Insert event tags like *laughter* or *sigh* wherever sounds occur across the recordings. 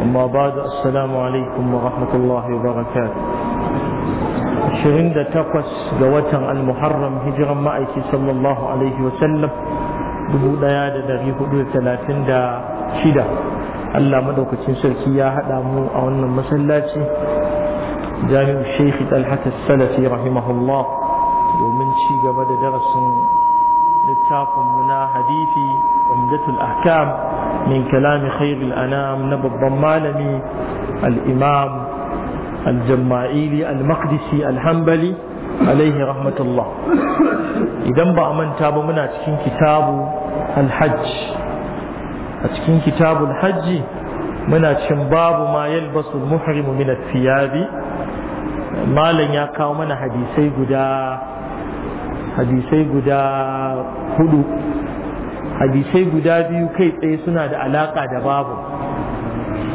أما بعد السلام عليكم ورحمة الله وبركاته شرين دا تقوس قوتا المحرم هجرا مأيكي صلى الله عليه وسلم دبو ديادة دريه دو ثلاثين دا شدا Allah madaukakin sarki ya haɗa mu a wannan masallaci jami'u Sheikh Talhat Salafi rahimahullah domin ci gaba da darasin littafin muna hadisi. umdatul ahkam min kalami khairul anam na babban malami imam al-jamma'ili al-maqdisi rahmatullah idan ba a manta ba muna cikin kitabu al-hajj a cikin kitabul hajji muna cikin babu ma yalbasu muhrimu min malam ya kawo mana hadisai guda hadisai guda hudu hadisai guda biyu kai tsaye suna da alaka da babu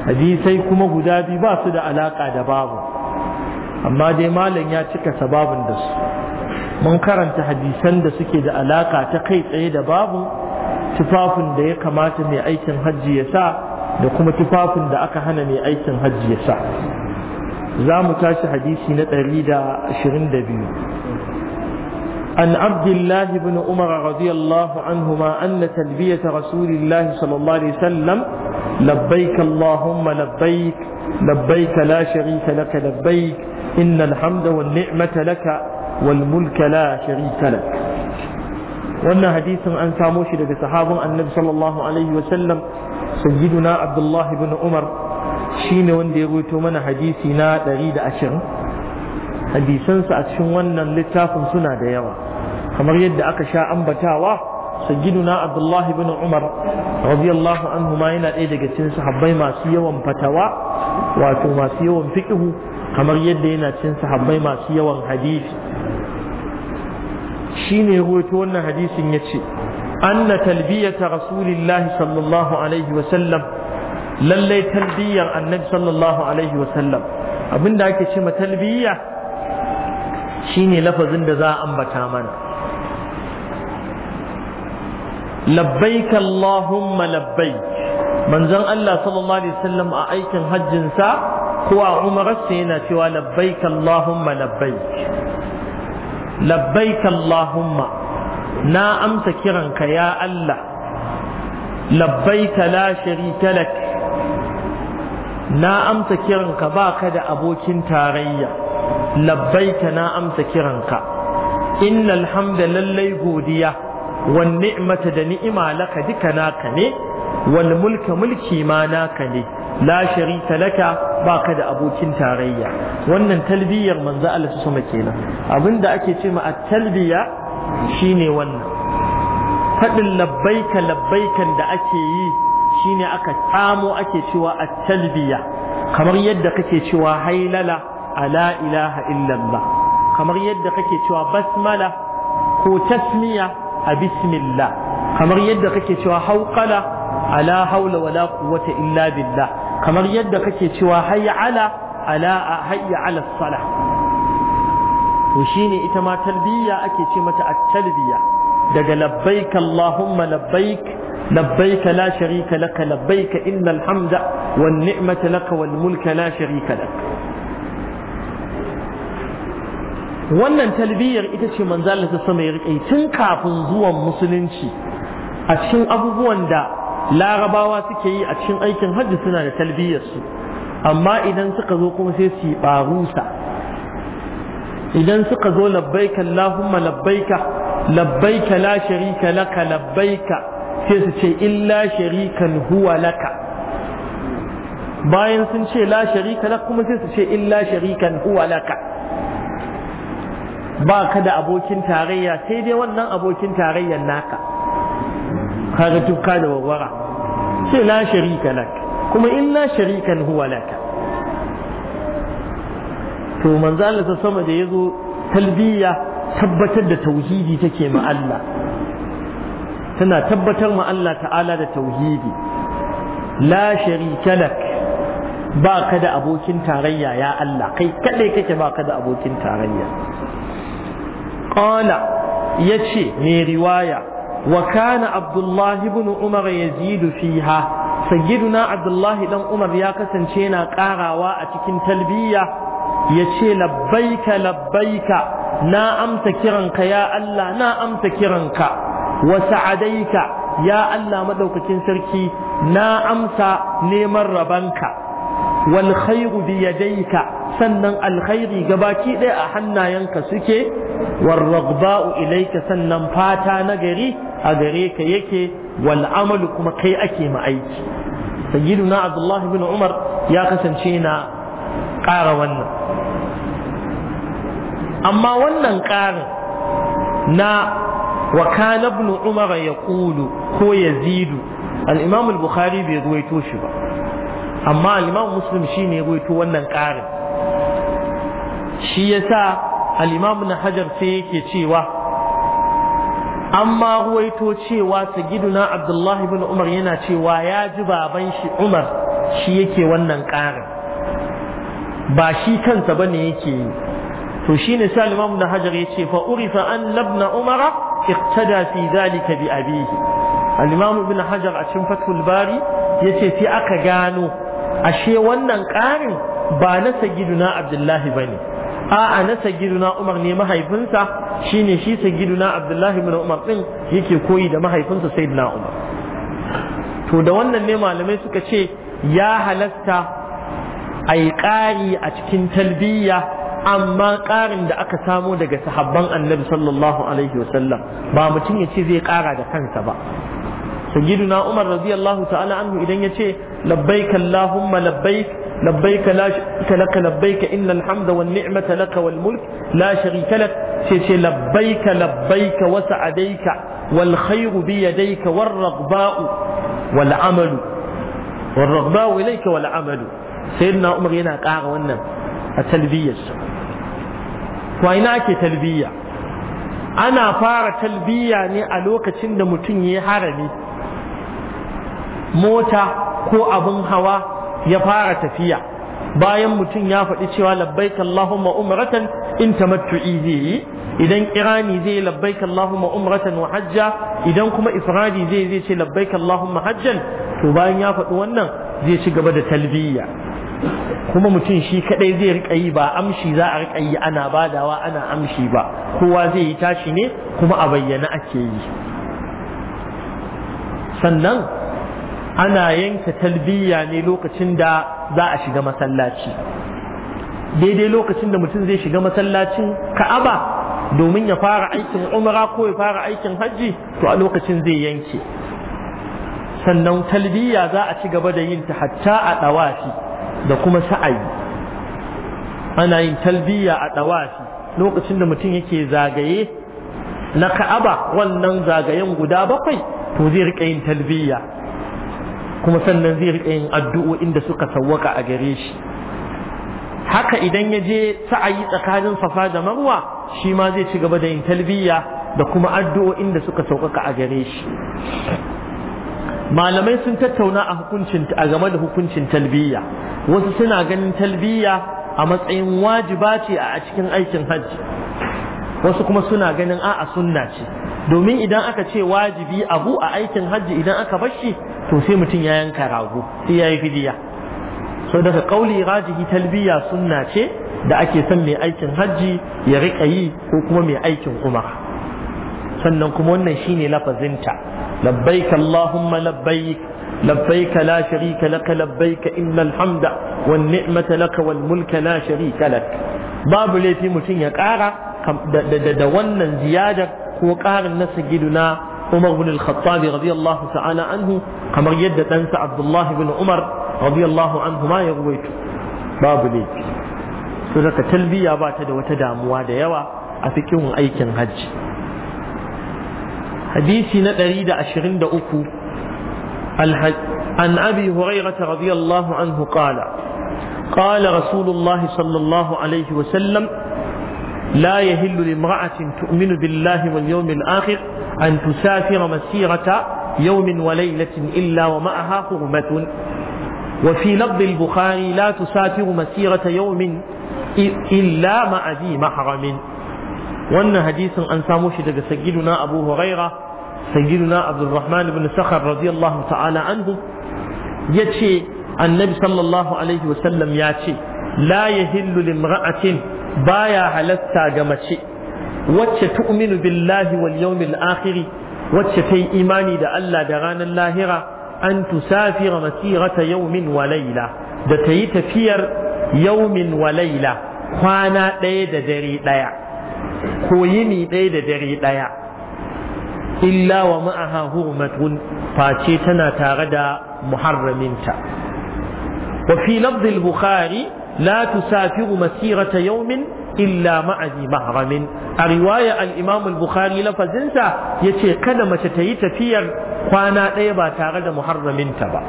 hadisai kuma guda biyu ba su da alaka da babu amma dai malam ya cika sababin da su mun karanta hadisan da suke da alaka ta kai tsaye da babu tufafin da ya kamata mai aikin hajji ya sa da kuma tufafin da aka hana mai aikin hajji ya sa za mu tashi hadisi na 122 عن عبد الله بن عمر رضي الله عنهما أن تلبية رسول الله صلى الله عليه وسلم لبيك اللهم لبيك لبيك لا شريك لك لبيك إن الحمد والنعمة لك والملك لا شريك لك وأن حديث أن ساموش لك صحابة النبي صلى الله عليه وسلم سيدنا عبد الله بن عمر شين وندي من حديثنا دريد أشر hadisansu a cikin wannan littafin suna da yawa kamar yadda aka sha ambatawa na abdullah ibn umar radiyallahu anhu ma yana ɗaya daga cikin sahabbai masu yawan fatawa wato masu yawan fiqhu kamar yadda yana cikin sahabbai masu yawan hadisi shine ruwaito wannan hadisin yace anna talbiyata rasulillahi sallallahu alaihi wa sallam lallai talbiyar annabi sallallahu alaihi wa sallam abinda ake ce ma talbiya shine lafazin da za a ambata mana labbaik Allahumma labbaik manzon Allah sallallahu alaihi wasallam a aikin hajjin sa ko a umararsa yana cewa labbaik Allahumma labbaik labbaik Allahumma na amsa kiran ka ya Allah labbaik la sharika lak na amsa kiran ka baka da abokin tarayya labbaika na amsa kiranka innal hamda lallai godiya wan ni'mata da ni'ima laka duka naka ne wal mulka mulki ma naka ne la sharika ba ka da abokin tarayya wannan talbiyar manzo Allah sama kenan abinda ake ce ma at-talbiya shine wannan fadin labbaika labbaikan da ake yi shine aka samo ake cewa at-talbiya kamar yadda kake cewa hailala ala ilaha illallah kamar yadda kake cewa basmala ko tasmiya a bismillah kamar yadda kake cewa haukala ala haula wala quwwata illa billah kamar yadda kake cewa hayya ala ala hayya ala salah to shine ita ma talbiya ake ce mata at-talbiya daga labbaik allahumma labbaik labbaik la sharika laka labbaik innal hamda wan ni'mata laka wal mulka la sharika lak wannan talbiyar ita ce manzo Allah sama ya rike tun kafin zuwan musulunci a cikin abubuwan da larabawa suke yi a cikin aikin hajji suna da talbiyar su amma idan suka zo kuma sai su yi barusa idan suka zo labbaika Allahumma labbaika labbaika la sharika laka labbaika sai su ce illa sharikan huwa laka bayan sun ce la sharika laka kuma sai su ce illa sharikan huwa laka ba ka da abokin tarayya sai dai wannan abokin tarayyar naka kaga tukka da warwara sai la sharika lak kuma illa sharikan huwa laka to manzo Allah ta sama da yazo talbiya tabbatar da tauhidi take ma Allah tana tabbatar ma Allah ta'ala da tauhidi la sharika lak ba ka da abokin tarayya ya Allah kai kadai kake ba ka da abokin tarayya qala yace mai riwaya wa kana abdullahi ibn umar yazidu fiha sayyiduna abdullahi dan umar ya kasance yana karawa a cikin talbiya yace labbaika labbaika na amsa kiranka ya Allah na amsa kiranka wa sa'adaika ya Allah madaukakin sarki na amsa neman rabanka wal khairu bi yadayka sannan alkhairi gabaki ɗaya a hannayenka suke warragba'u ilaika sannan fata na gari a gareka yake wal'amalu kuma kai ake ma aiki sayyiduna abdullahi bin umar ya kasance na ƙara wannan amma wannan ƙarin na ya وكان ابن عمر يقول هو يزيد الإمام البخاري بيرويتوش ba. amma al-imam muslim shine ya goyito wannan ƙarin shi yasa sa imam na hajar sai yake cewa amma ruwaito cewa giduna abdullahi ibn umar yana cewa ya ji baban shi umar shi yake wannan ƙarin ba shi kansa bane yake yi to shi ne sa imam na hajar ya ce fa urifa an labna umara iqtada fi zalika bi abihi al-imam hajar a cikin fathul bari yace sai aka gano ashe wannan ƙarin ba na sagiduna abdullahi ba ne a'a na sagiduna umar ne mahaifinsa shine shi sagiduna abdullahi bin umar din yake koyi da mahaifinsa sayyidina umar to da wannan ne malamai suka ce ya halatta ayi ƙari a cikin talbiya amma ƙarin da aka samo daga sahabban annabi sallallahu alaihi wasallam ba mutum ya ce zai ƙara da kansa ba na umar radiyallahu ta'ala anhu idan yace labbaik allahumma labbaik labbaik la sharika lak labbaik innal hamda wan ni'mata lak wal mulk la sharika lak sai ce labbaik labbaik wa sa'adaika wal khayru bi yadayka war raghba'u wal amalu wal raghba'u ilayka wal amalu sayyiduna umar yana ƙara wannan a talbiyarsa wa ina ake ana fara talbiya ne a lokacin da mutum ya harami mota ko abin hawa ya fara tafiya bayan mutum ya faɗi cewa labbaik Allahumma umratan in tamattu'i zai yi idan kirani zai labbaik Allahumma umratan wa hajja idan kuma ifradi zai zai ce labbaik Allahumma hajjan to bayan ya faɗi wannan zai ci gaba da talbiya kuma mutum shi kadai zai rika yi ba amshi za a rika yi ana badawa ana amshi ba kowa zai yi tashi ne kuma a bayyana ake yi sannan ana yanka talbiya ne lokacin da za a shiga masallaci daidai lokacin da mutum zai shiga masallacin ka'aba domin ya fara aikin umara ko ya fara aikin hajji to a lokacin zai yanke sannan talbiya za a ci gaba da yin ta hatta a ɗawafi da kuma sa'ayi ana yin talbiya a ɗawafi lokacin da mutum yake zagaye na ka'aba wannan zagayen guda bakwai to zai riƙa yin talbiya kuma sannan zai riƙe yin addu'o'in da suka sawwaka a gare shi haka idan ya je sa'ayi tsakanin safa da marwa shi ma zai ci gaba da yin talbiya da kuma addu'o'in da suka sauƙaƙa a gare shi malamai sun tattauna a hukuncin a game da hukuncin talbiya wasu suna ganin talbiya a matsayin wajiba ce a cikin aikin hajji wasu kuma suna ganin a'a sunna ce domin idan aka ce wajibi abu a aikin hajji idan aka bar shi to sai mutum ya yanka rago sai ya yi fidiya so daga kauli rajihi talbiya sunna ce da ake son mai aikin hajji ya riƙa yi ko kuma mai aikin umara sannan kuma wannan shine lafazinta labbaik allahumma labbaik Labbaika la sharika lak labbaik innal hamda wan ni'mata lak wal mulka la sharika lak babu laifi mutum ya ƙara da wannan ziyadar ko ƙarin na sayyiduna Umar bin Al-Khattab radiyallahu ta'ala anhu kamar yadda ɗansa Abdullah bin Umar radiyallahu anhu ma ya ruwaito babu ne to daga ba ta da wata damuwa da yawa a fikin aikin hajji hadisi na 123 الحج عن أبي هريرة رضي الله عنه قال قال رسول الله صلى الله عليه وسلم لا يهل لامرأة تؤمن بالله واليوم الآخر أن تسافر مسيرة يوم وليلة إلا ومعها حرمة وفي لفظ البخاري لا تسافر مسيرة يوم إلا مع ذي محرم وأن حديث أن ساموش سيدنا أبو هريرة سيدنا عبد الرحمن بن سخر رضي الله تعالى عنه يتشي النبي صلى الله عليه وسلم ياتي لا يهل لامرأة baya halasta ga mace wacce tu'minu billahi wal yawmil akhiri wacce ta yi imani da Allah da ranar lahira an tusafira masirata yawmin wa da ta yi tafiyar yawmin wa kwana ɗaya da dare ɗaya ko yini ɗaya da dare ɗaya illa wa ma'aha hurmatun face tana tare da muharraminta Wafi fi bukhari la tusafiru masirata yawmin illa ma'aji maharamin. a riwaya al-imam bukhari lafazinsa yace kada mace ta yi tafiyar kwana ɗaya ba tare da muharraminta ba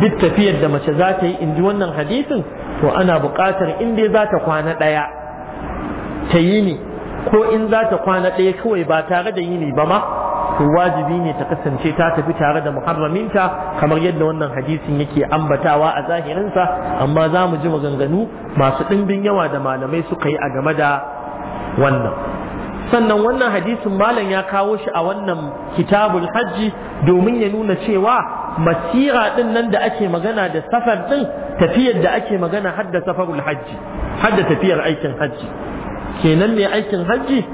duk tafiyar da mace za ta yi inji wannan hadisin to ana buƙatar in dai za ta kwana ɗaya ta yi ne ko in za ta kwana ɗaya kawai ba tare da yini ba ma to wajibi ne ta kasance ta tafi tare da muharraminta kamar yadda wannan hadisin yake ambatawa a zahirinsa amma za mu ji maganganu masu ɗimbin yawa da malamai suka yi a game da wannan sannan wannan hadisin malam ya kawo shi a wannan kitabul hajji domin ya nuna cewa masira din nan da ake magana da safar din tafiyar da ake magana hadda safarul hajji hadda tafiyar aikin hajji kenan ne aikin hajji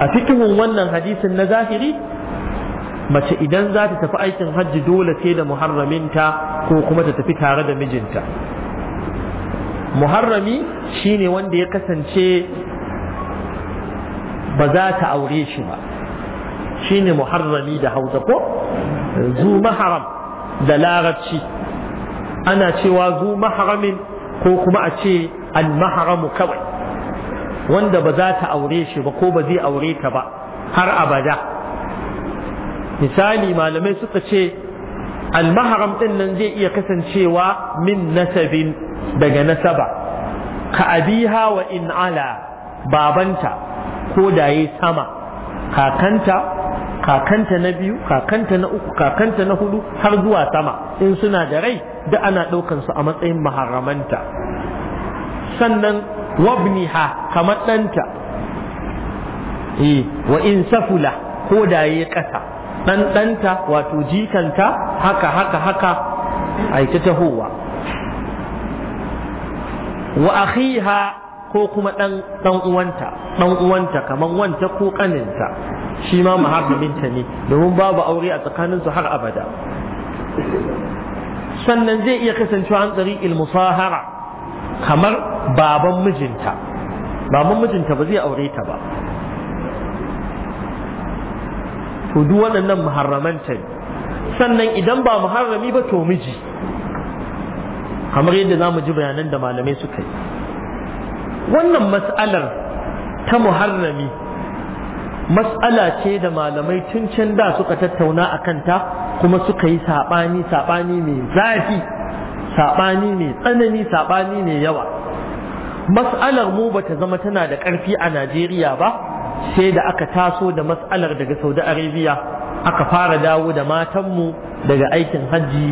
a cikin wannan hadisin na zahiri mace idan za ta tafi aikin hajji dole sai da muharraminta ko kuma ta tafi tare da mijinta muharrami shine wanda ya kasance ba za ta aure shi ba shine muharrami da hausa ko zu maharam da larabci ana cewa zu maharamin ko kuma a ce al maharamu kawai wanda ba za ta aure shi ba ko ba zai aure ta ba har abada misali malamai suka ce almaharam ɗinnan nan zai iya kasancewa min nasabin daga nasaba ka abiha wa in ala babanta ko da yayi sama kakanta kakanta na biyu kakanta na uku kakanta na hudu har zuwa sama in suna da rai da ana ɗaukan su a matsayin maharamanta sannan wabniha kamar ɗanta eh, wa in safula ko da ƙasa Ɗanɗanta wato jikanta haka haka haka ai ta tahowa wa akhiha ko kuma dan dan uwanta kamar uwanta wanta ko kaninta shi ma muharraminta ne domin babu aure a tsakaninsu har abada sannan zai iya kasancewa an tsari ilmusahara kamar baban mijinta baban mijinta ba zai aure ta ba to duk waɗannan muharramanta ne sannan idan ba muharrami ba to miji kamar yadda za mu ji bayanan da malamai suka yi wannan mas'alar ta muharrami mas'ala ce da malamai tun can da suka tattauna a kanta kuma suka yi saɓani saɓani mai zafi saɓani mai tsanani saɓani mai yawa mas'alar mu bata zama tana da ƙarfi a najeriya ba sai da aka taso da matsalar daga saudi arabia aka fara dawo da matanmu daga aikin hajji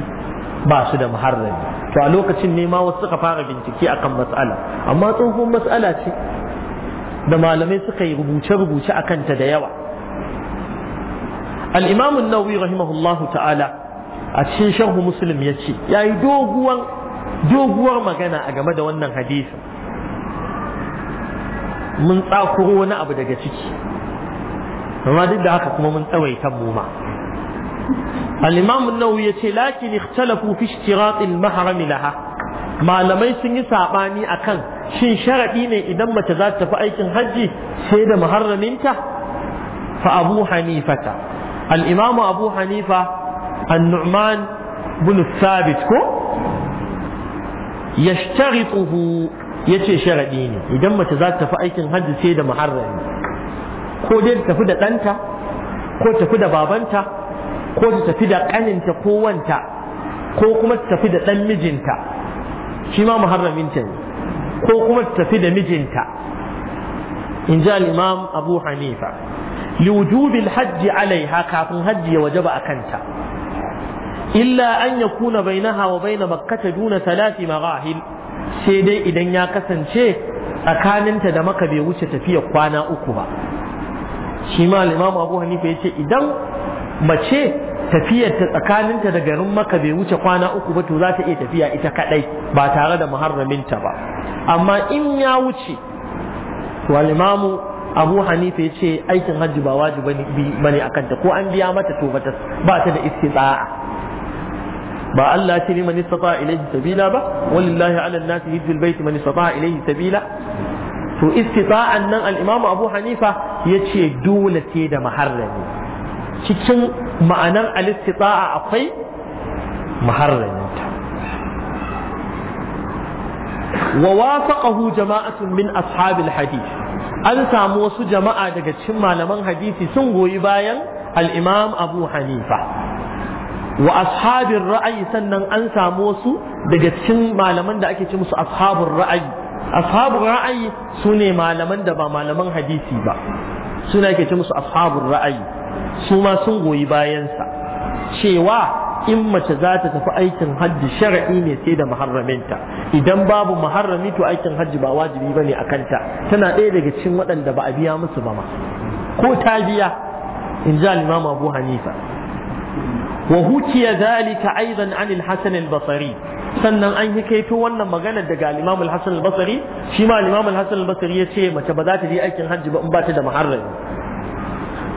ba su da muharrami to a lokacin ne ma wasu suka fara bincike akan mas'ala amma tsohon mas'ala ce da malamai suka yi rubuce-rubuce a kanta da yawa al'imamun nawi rahimahullahu ta'ala a cikin sharhu muslim ya ce ya yi doguwar magana a game da wannan hadisin mun tsakuro wani abu daga ciki amma duk da haka kuma mun tsawaita mu ma al-imam an-nawawi yace lakin ikhtalafu fi ishtirat al-mahram laha malamai sun yi sabani akan shin sharadi ne idan mace za ta tafi aikin haji sai da muharraminta fa abu hanifata al-imam abu hanifa an-nu'man bin thabit ko yashtarituhu ya ce sharaɗi ne idan mace za ta tafi aikin hajji sai da muharrami ko dai tafi da ɗanta ko tafi da babanta ko ta tafi da ƙaninta ko wanta ko kuma ta tafi da ɗan mijinta shi ma muharraminta ne ko kuma ta tafi da mijinta in ji al'imam abu hanifa liwujubil hajji alaiha kafin hajji ya wajaba a kanta illa an yakuna bainaha wa baina makkata duna salati marahil sai dai idan ya kasance tsakaninta da maka bai wuce tafiya kwana uku ba shi ma limamu abu hanifa ya ce idan mace tafiyar ta tsakaninta da garin maka bai wuce kwana uku ba to za ta iya tafiya ita kadai ba tare da muharraminta ba amma in ya wuce to limamu abu hanifa ya ce aikin hajji ba wajibi bane akan ta ko an biya mata to ba ta da tsa'a ba Allah ce liman istata ilayhi sabila ba walillahi ala an-nasi hijjul baiti man istata ilayhi sabila to istita'an nan al Abu Hanifa yace dole ce da maharrami cikin ma'anar al akwai maharrami wa wafaqahu jama'atun min ashabil hadith an samu wasu jama'a daga cikin malaman hadisi sun goyi bayan al-imam Abu Hanifa wa ashabin ra'ayi sannan an samu wasu daga cikin malaman da ake ce musu ashabin ra'ayi ashabin ra'ayi su ne malaman da ba malaman hadisi ba suna ake ce musu ashabin ra'ayi su ma sun goyi bayansa cewa in mace za ta tafi aikin hajji shar'i ne sai da muharraminta idan babu muharrami to aikin hajji ba wajibi bane a kanta tana ɗaya daga cikin waɗanda ba a biya musu ba ma ko ta biya in ji al-imam abu hanifa wa hukiya zalika aidan an al-hasan sannan an yi kaito wannan magana daga al-imam al-hasan al-basri shi ma al-imam al-hasan al-basri yace mace ba za ta je aikin hajji ba in ba ta da muharrami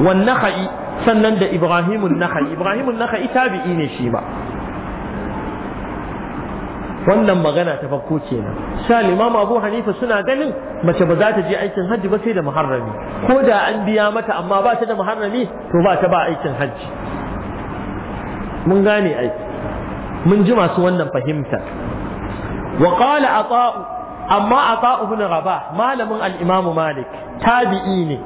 wan nakhai sannan da ibrahim an-nakhai ibrahim an-nakhai tabi'i ne shi ba wannan magana ta farko kenan sha limam abu hanifa suna ganin mace ba za ta je aikin hajji ba sai da muharrami ko da an biya mata amma ba ta da muharrami to ba ta ba aikin hajji mun gane ai mun ji masu wannan fahimta wa qala ata'u amma ata'u ibn raba malamin al-imam malik tabi'i ne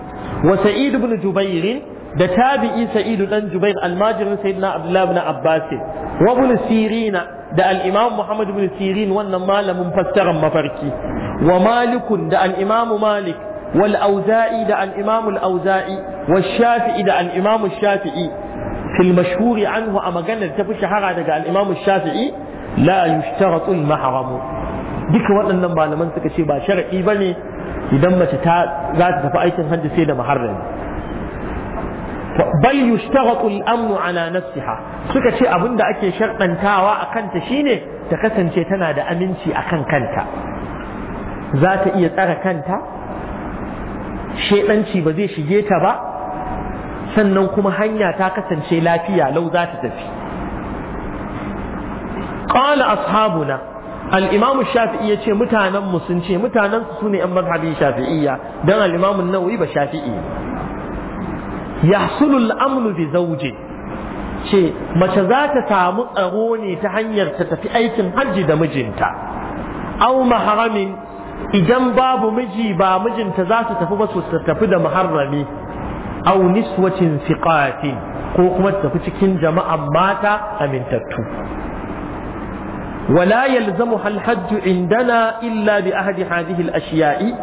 wa sa'id ibn jubair da tabi'i sa'id dan jubair almajirin sayyidina abdullah ibn abbas wa ibn sirina da al-imam muhammad ibn sirin wannan malamin fassarar mafarki wa malikun da al-imam malik da دع الإمام الأوزائي والشافعي da al'imamu shafi'i. fil mashhuri anhu a maganar ta fi shahara daga al Shafi'i la yushtaratu al-mahram duka waɗannan malaman suka ce ba shar'i bane idan mace ta za ta tafi aikin hajji sai da muharrami bal yushtaratu al-amn ala nafsiha suka ce abun da ake sharɗantawa a kanta shine ta kasance tana da aminci akan kanta za ta iya tsara kanta shedanci ba zai shige ta ba sannan kuma hanya ta kasance lafiya lau za ta tafi qala ashabuna al shafi'i yace mutanen mu sun ce mutanensu su ne yan mazhabi shafi'iyya dan al-imam an-nawawi ba shafi'i yahsulu amnu bi Zauje ce mace za ta samu tsaro ne ta hanyar ta tafi aikin hajji da mijinta Au maharamin idan babu miji ba mijinta za ta tafi ba su tafi da muharrami aw wacin thiqatin ko kuma ta tafi cikin jama'a mata amintattu ولا يلزمها الحج عندنا إلا بأحد هذه الأشياء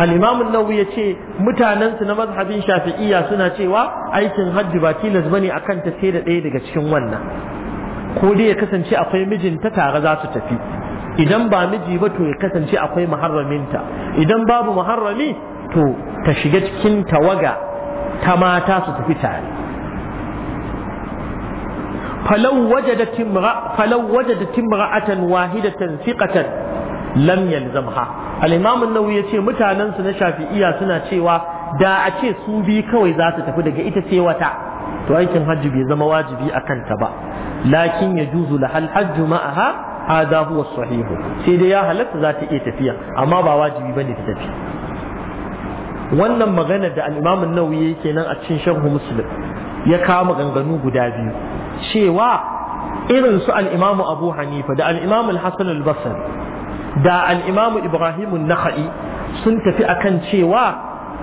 الإمام ya ce mutanensu na حبين shafi'iya suna cewa aikin hajji ba tilas bane akan ta sai da ɗaya daga cikin wannan ko dai ya kasance akwai mijinta tare za su tafi idan ba miji ba to ya kasance akwai muharraminta idan babu muharrami to ta shiga cikin tawaga ta mata su tafi tare falau waje da falau wajadat wahidatan thiqatan lam yalzamha al-imam an-nawawi yace mutanen su na shafi'iyya suna cewa da a ce su bi kawai za su tafi daga ita sai wata to aikin hajji bai zama wajibi akan ta ba lakin yajuzu lahal hajju ma'aha hadha huwa sahihu sai dai ya halatta za ta iya tafiya amma ba wajibi bane ta tafi wannan magana da al-Imam an yake nan a cikin sharhu Muslim ya kama ganganu guda biyu cewa irin su al'imamu Abu Hanifa da Al'imamu imam al da Al'imamu Ibrahim an sun tafi akan cewa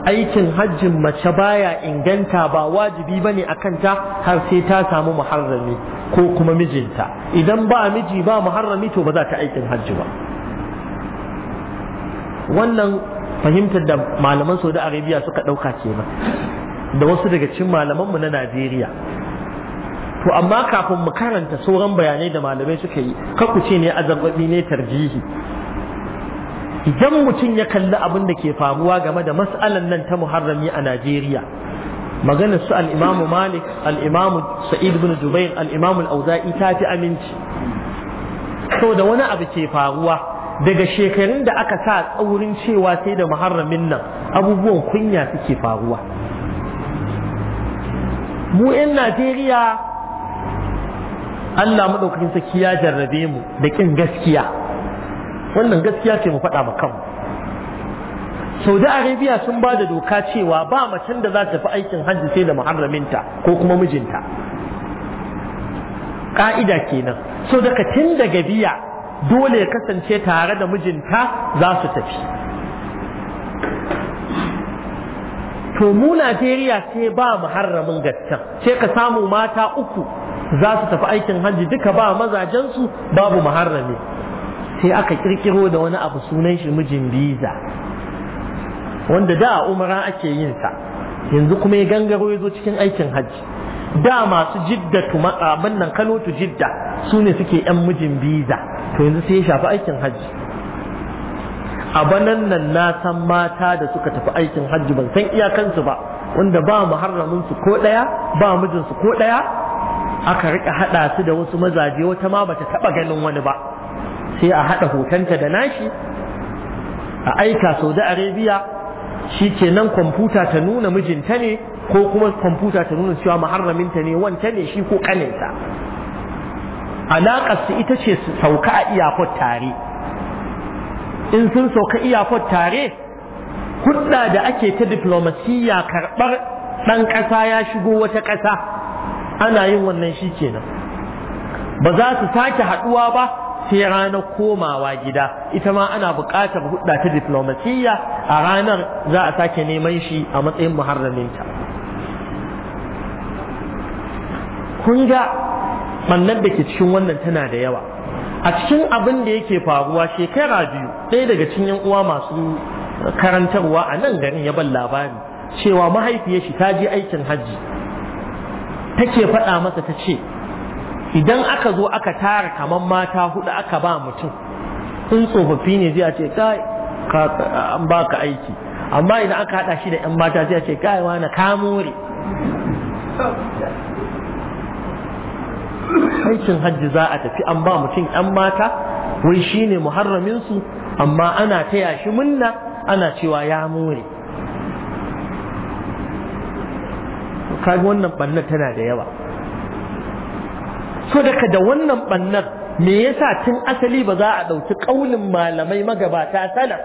aikin hajjin mace baya inganta ba wajibi bane akan ta har sai ta samu muharrami ko kuma mijinta idan ba miji ba muharrami to ba za ta aikin hajji ba wannan fahimtar da malaman saudi arabia suka ɗauka kenan da wasu daga cikin malamanmu na najeriya to amma kafin mu karanta sauran bayanai da malamai suka yi kakuce ne azabbabi ne tarjihi idan mutum ya kalli abin da ke faruwa game da mas'alan nan ta muharrami a najeriya maganar su al'imamu malik al'imamu sa'id bin jubair al'imamu al'auza'i ta fi aminci da wani abu ke faruwa daga shekarun da aka sa tsaurin cewa sai da muharramin nan abubuwan kunya suke faruwa mu 'yan najeriya allah maɗaukakin saki ya jarrabe mu da ƙin gaskiya wannan gaskiya ce mu faɗa ma kanmu saudi Arabiya sun ba da doka cewa ba macen da za ta fi aikin hajji sai da muharraminta ko kuma mijinta ƙa'ida kenan so daga tun daga biya dole ya kasance tare da mijinta za su tafi to mu Najeriya ce ba muharramin gaskan ce ka samu mata uku za su tafi aikin hajji duka ba mazajensu babu muharrami sai aka kirkiro da wani abu sunan shi mijin biza wanda da umara ake yin sa yanzu kuma ya gangaro ya zo cikin aikin hajji da masu jiddatu abin nan tu jidda su ne suke yan mijin biza to yanzu sai ya shafi aikin hajji a banan nan na san mata da suka tafi aikin hajji ban san iyakansu ba wanda ba muharramin su ko daya ba mijinsu ko daya aka rika hada su da wasu mazaje wata ma bata taba ganin wani ba sai a hada hotonta da nashi a aika saudi arabia shi kenan kwamfuta ta nuna mijinta ne ko kuma kwamfuta ta nuna cewa muharraminta ne wanta ne shi ko kaninta alaƙarsu ita ce su sauka a iyakot tare in sun sauka iyakot tare hudda da ake ta diplomasiyya karɓar ɗan ƙasa ya shigo wata ƙasa ana yin wannan shi kenan ba za su sake haɗuwa ba sai ranar komawa gida ita ma ana buƙatar hudda ta diplomasiyya a ranar za a sake neman shi a matsayin muharraminta kun ga ɓannar da ke cikin wannan tana da yawa a cikin abin da yake faruwa shekara biyu ɗaya daga cikin yan uwa masu karantarwa a nan garin ya ban labari cewa mahaifiyar shi ta je aikin hajji take faɗa masa ta ce idan aka zo aka tara kamar mata hudu aka ba mutum in tsofaffi ne zai ce kai an baka aiki amma idan aka haɗa shi da 'yan mata zai ce kai wani ka haikin hajji za a tafi an ba mutum yan mata wai shine muharramin su amma ana taya shi munna ana cewa ya more kaga wannan bannar tana da yawa so daga da wannan bannar me yasa tun asali ba za a ɗauki ƙaunin malamai magabata salaf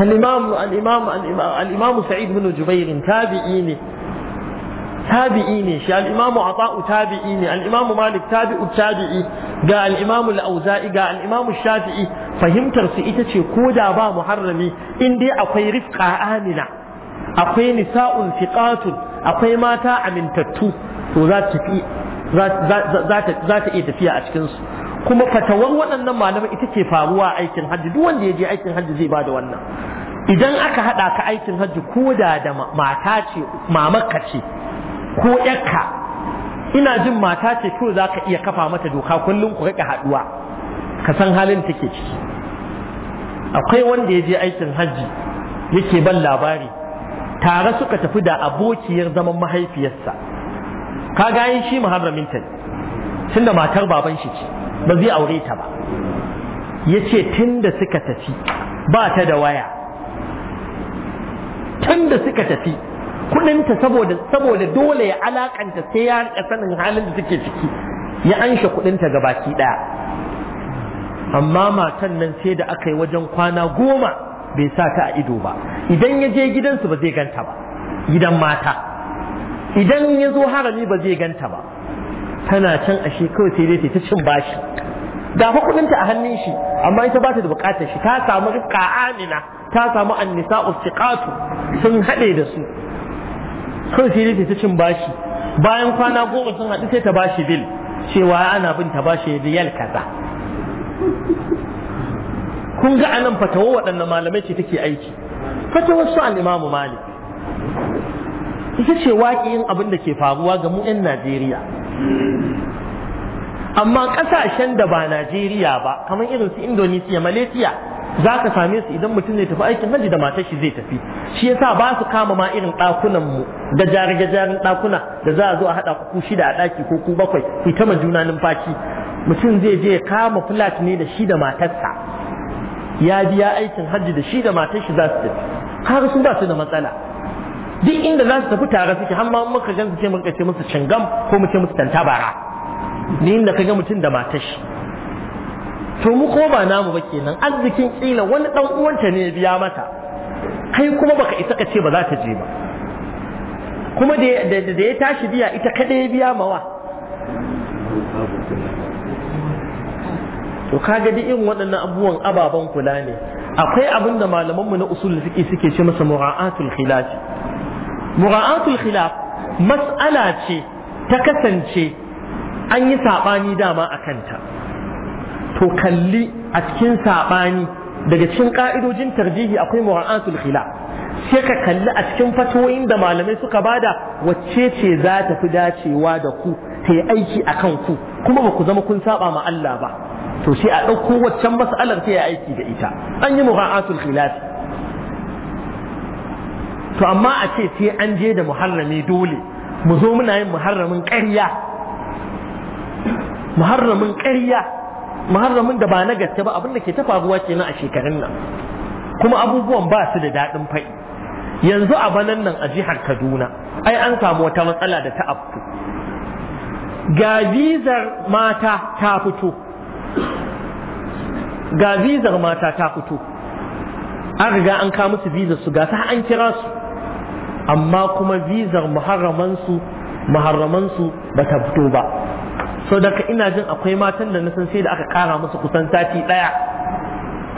al imamu al-imam al-imam sa'id bin jubair tabi'i ne tabi'i ne shi al-imamu ata'u tabi'i ne al-imamu malik tabi'u tabi'i ga al-imamu al-auza'i ga al-imamu shafi'i fahimtar su ita ce ko da ba muharrami in dai akwai rifqa amina akwai nisa'un fiqatun akwai mata amintattu to za ta za ta iya tafiya a cikin su kuma fatawar waɗannan malaman ita ke faruwa aikin hajji duk wanda ya je aikin hajji zai bada wannan idan aka haɗa ka aikin hajji ko da da mata ce mamaka ce ko ƴarka ina jin mata ce ko za ka iya kafa mata doka kullum ku rika haduwa ka san halin take ciki akwai wanda ya je aikin hajji yake ban labari tare suka tafi da abokiyar zaman mahaifiyarsa ka yin shi muharramin ta tunda matar baban shi ce ba zai aure ta ba ya ce tun da suka tafi ba ta da waya Tun da suka tafi kudinta saboda dole ya alakanta sai ya rika sanin halin da suke ciki ya anshe kudinta ga baki daya amma matan nan sai da aka yi wajen kwana goma bai sa ta a ido ba idan ya je gidansu ba zai ganta ba gidan mata idan ya zo harami ba zai ganta ba tana can a kawai sai dai ta cin bashi da fa kudinta a hannun shi amma ita ba ta da bukatar shi ta samu rika amina ta samu annisa ustiqatu sun haɗe da su kawai sai dai ta cin bashi bayan kwana goma sun haɗu sai ta bashi bil cewa ana bin ta bashi riyal kaza kun ga anan fatawa waɗannan malamai ce take aiki fatawar su al-imamu malik ita ce waƙiyin abin da ke faruwa ga mu 'yan najeriya amma ƙasashen da ba najeriya ba kamar irin su indonesiya malaysia za ka same su idan mutum zai tafi aikin hajji da matar shi zai tafi shi yasa ba su kama ma irin ɗakunan mu gajare jarin ɗakuna da za a zo a haɗa ku shida a ɗaki ko ku bakwai ku ta ma juna numfashi mutum zai je kama flat ne da shi da matarsa ya biya aikin hajji da shi da matar shi za su tafi har su ba su da matsala duk inda za su tafi tare suke har ma muka gan su ce ka ce musu cingam ko mu ce musu tantabara ni inda ka ga mutum da matar shi to mu ko ba namu ba kenan arzikin kila wani dan uwanta ne ya biya mata kai kuma baka isa ka ce ba za ta je ba kuma da ya tashi biya ita kada ya biya mawa to kaga duk irin waɗannan abubuwan ababen kula ne akwai abin da malamanmu na usul fiqi suke ce masa mura'atul khilaf mura'atul khilaf mas'ala ce ta kasance an yi sabani dama a kanta to kalli a cikin saɓani daga cikin ƙa'idojin tarjihi akwai mura'atul khila sai ka kalli a cikin fatoyin da malamai suka bada wacce ce za ta fi dacewa da ku ta yi aiki a kan ku kuma ba ku zama kun saba ma Allah ba to sai a ɗauko waccan mas'alar ta yi aiki da ita an yi mura'atul khilaf to amma a ce sai an je da muharrami dole mu zo muna yin muharramin ƙarya muharramin ƙarya muharramin da ba na gaske ba abin da ke ta faruwa kenan a shekarun nan kuma abubuwan ba su da daɗin fai yanzu a banan nan a jihar kaduna ai an samu wata matsala da ta afku ga vizar mata ta fito ga vizar mata ta fito an riga an kawo musu vizar su ga ta an kira su amma kuma vizar muharramansu muharramansu ba ta fito ba so ka ina jin akwai matan da na san sai da aka kara musu kusan sati ɗaya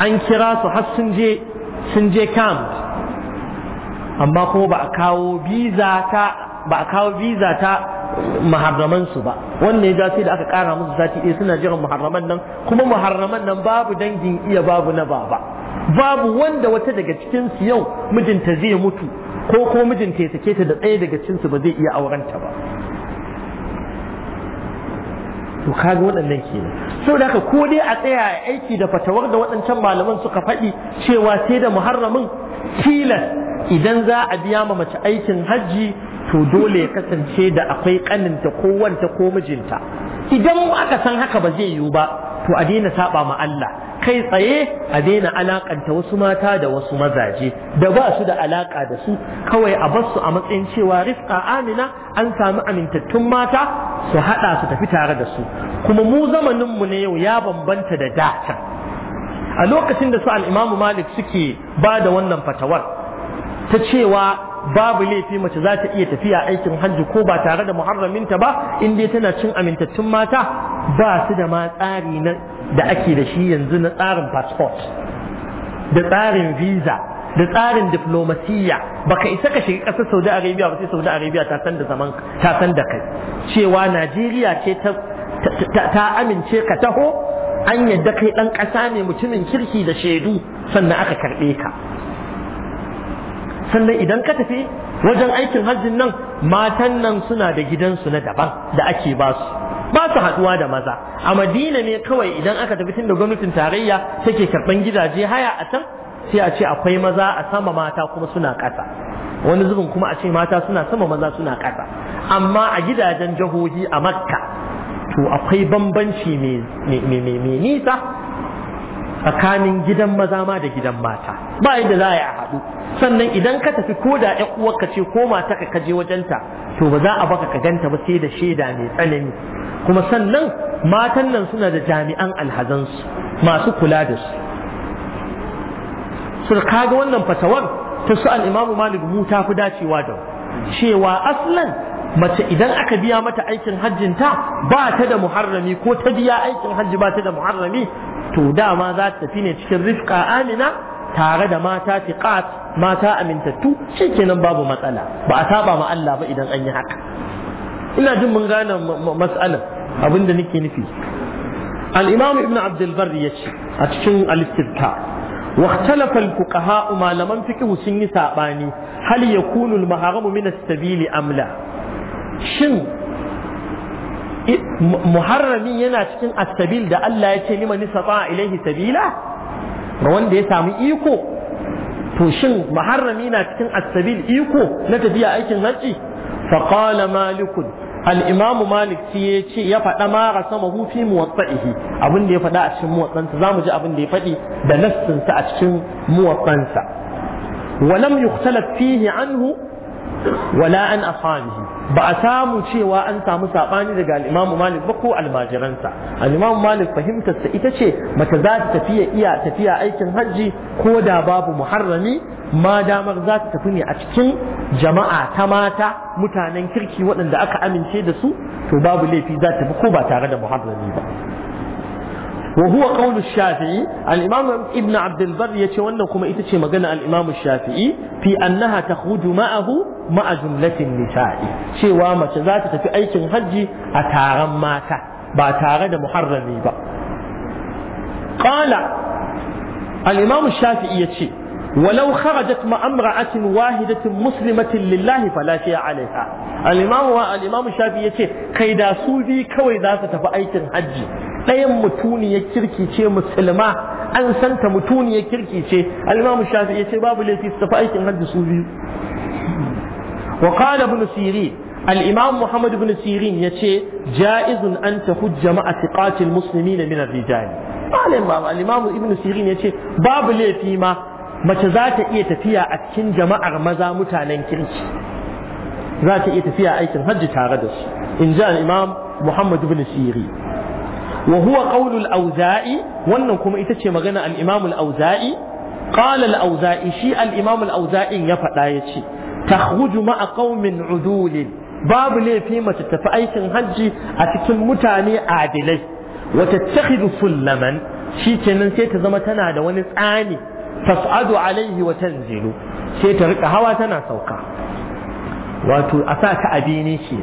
an kira su har sun je sun je camp amma kuma ba a kawo visa ta ba a kawo visa ta muharraman su ba wannan ya sai da aka kara musu sati ɗaya suna jiran muharraman nan kuma muharraman nan babu dangin iya babu na baba babu wanda wata daga cikin su yau mijinta zai mutu ko ko mijinta ya sake ta da ɗaya daga cikin su ba zai iya aurenta ba to kaga waɗannan kenan saboda haka ko dai a tsaya a aiki da fatawar da waɗancan malaman suka faɗi cewa sai da muharramin tilas idan za a biya ma mace aikin hajji to dole ya kasance da akwai kaninta ko wanta ko mijinta idan aka san haka ba zai yiwu ba to a daina saba ma Allah kai tsaye a daina alakanta wasu mata da wasu mazaje da ba su da alaka da su kawai a bar su a matsayin cewa rifqa amina an sami amintattun mata su haɗa su tafi tare da su kuma mu zamanin mu ne yau ya bambanta da da a lokacin da su al'imamu malik suke ba da wannan fatawar ta cewa babu laifi mace za ta iya tafiya aikin hajji ko ba tare da muharraminta ba in dai tana cin amintattun mata ba su da ma tsari da ake da shi yanzu na tsarin passport da tsarin visa da tsarin diflomasiyya baka isa ka shiga ƙasar Saudi Arabia ba sai Saudi Arabia ta san da zaman ta san da kai cewa Najeriya ce ta ta amince ka taho an yadda kai ɗan ƙasa ne mutumin kirki da shaidu sannan aka karɓe ka sannan idan ka tafi wajen aikin hajjin nan matan nan suna da gidansu na daban da ake ba su ba su haɗuwa da maza a madina ne kawai idan aka tafi tun da gwamnatin tarayya take karɓan gidaje haya a can sai a ce akwai maza a sama mata kuma suna ƙasa wani zubin kuma a ce mata suna sama maza suna ƙasa amma a gidajen jahohi a makka to akwai bambanci mai nisa tsakanin gidan maza ma da gidan mata ba yadda za a yi a haɗu sannan idan ka tafi ko da ƴan uwarka ce ko mata ka kaje wajenta to ba za a baka ka ganta ba sai da shaida mai tsanani kuma sannan matan nan suna da jami'an alhazansu masu kula da su so kaga wannan fatawar ta su al Malik mu ta fi dacewa da cewa aslan mace idan aka biya mata aikin hajjin ta ba ta da muharrami ko ta biya aikin hajji ba ta da muharrami to dama za ta tafi ne cikin rifqa amina tare da mata tiqat mata amintattu shikenan babu matsala ba a saba ma Allah ba idan an yi haka ina jin mun gane mas'alar abinda nake nufi al-Imam Ibn Abdul Barr yace a cikin al واختلف الفقهاء ما لم فقه سن saɓani, هل يكون المحرم من السبيل أم لا muharrami yana cikin astabil da Allah ya ce liman nisa ilaihi sabila ga wanda ya sami iko to shin muharrami na cikin astabil iko na tafiya aikin haji fa qala malikun al-imam malik shi ya ce ya faɗa ma rasama hu fi muwatta'ihi abin da ya faɗa a cikin muwatsansa zamu ji abin da ya faɗi da nassin sa a cikin muwatsansa wa lam yukhtalaf fihi anhu wala an asabihi ba a samu cewa an samu saɓani daga al'imamu malik ba ko almajiransa al'imamu malik fahimtarsa ita ce mace za ta tafiya iya tafiya aikin hajji ko da babu muharrami ma damar za ta tafi ne a cikin jama'a ta mata mutanen kirki waɗanda aka amince da su to babu laifi za ta tafi ko ba tare da muharrami ba wa huwa shafi'i al-imam ibn abd yace wannan kuma ita ce magana al-imam shafi'i fi annaha takhruju ma'ahu ma'a jumlatin nisa'i cewa mace za ta tafi aikin hajji a taron mata ba tare da muharrami ba qala al-imam shafi'i yace walau خرجت مع امرأة واحدة مسلمة لله فلا شيء عليها al-imamu wa al-imamu shafi yace kai da su bi kawai za su tafi aikin hajji ɗayan mutuniyar kirki ce musulma an santa mutuniyar kirki ce al-imamu shafi ce, babu laifi su tafi aikin hajji su biyu wa qala ibn sirin al-imam muhammad ibn sirin yace jaizun an tahujja ma'a thiqatil muslimin min ar-rijal al-imam ibn sirin ce, babu laifi ma mace za ta iya tafiya a cikin jama'ar maza mutanen kirki za ta iya tafiya aikin hajji tare da su in ji al-imam Muhammad ibn Siri wa huwa qawlul auza'i wannan kuma ita ce magana al-imam al-auza'i qala al-auza'i shi al-imam al faɗa ya faɗa yace takhruju ma'a qaumin udul babu laifi mace tafi aikin hajji a cikin mutane adilai wa tattakhidhu sullaman shi kenan sai ta zama tana da wani tsani tas'adu alaihi wa tanzilu sai ta rika hawa tana sauka wato a sa ta abini ke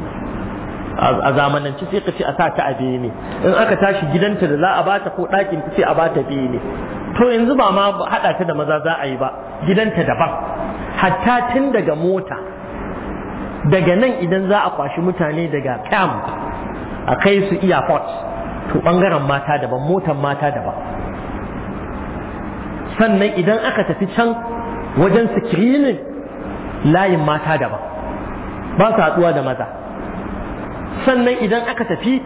a zamanance sai ka ce a sa ta abini in aka tashi gidanta da za a bata ko ɗakin ta sai a bata bene to yanzu ba ma haɗa ta da maza za a yi ba gidanta daban hatta tun daga mota daga nan idan za a kwashi mutane daga camp a kai su airport to ɓangaren mata daban motan mata daban sannan idan aka tafi can wajen screening layin mata daban ba su haɗuwa da maza sannan idan aka tafi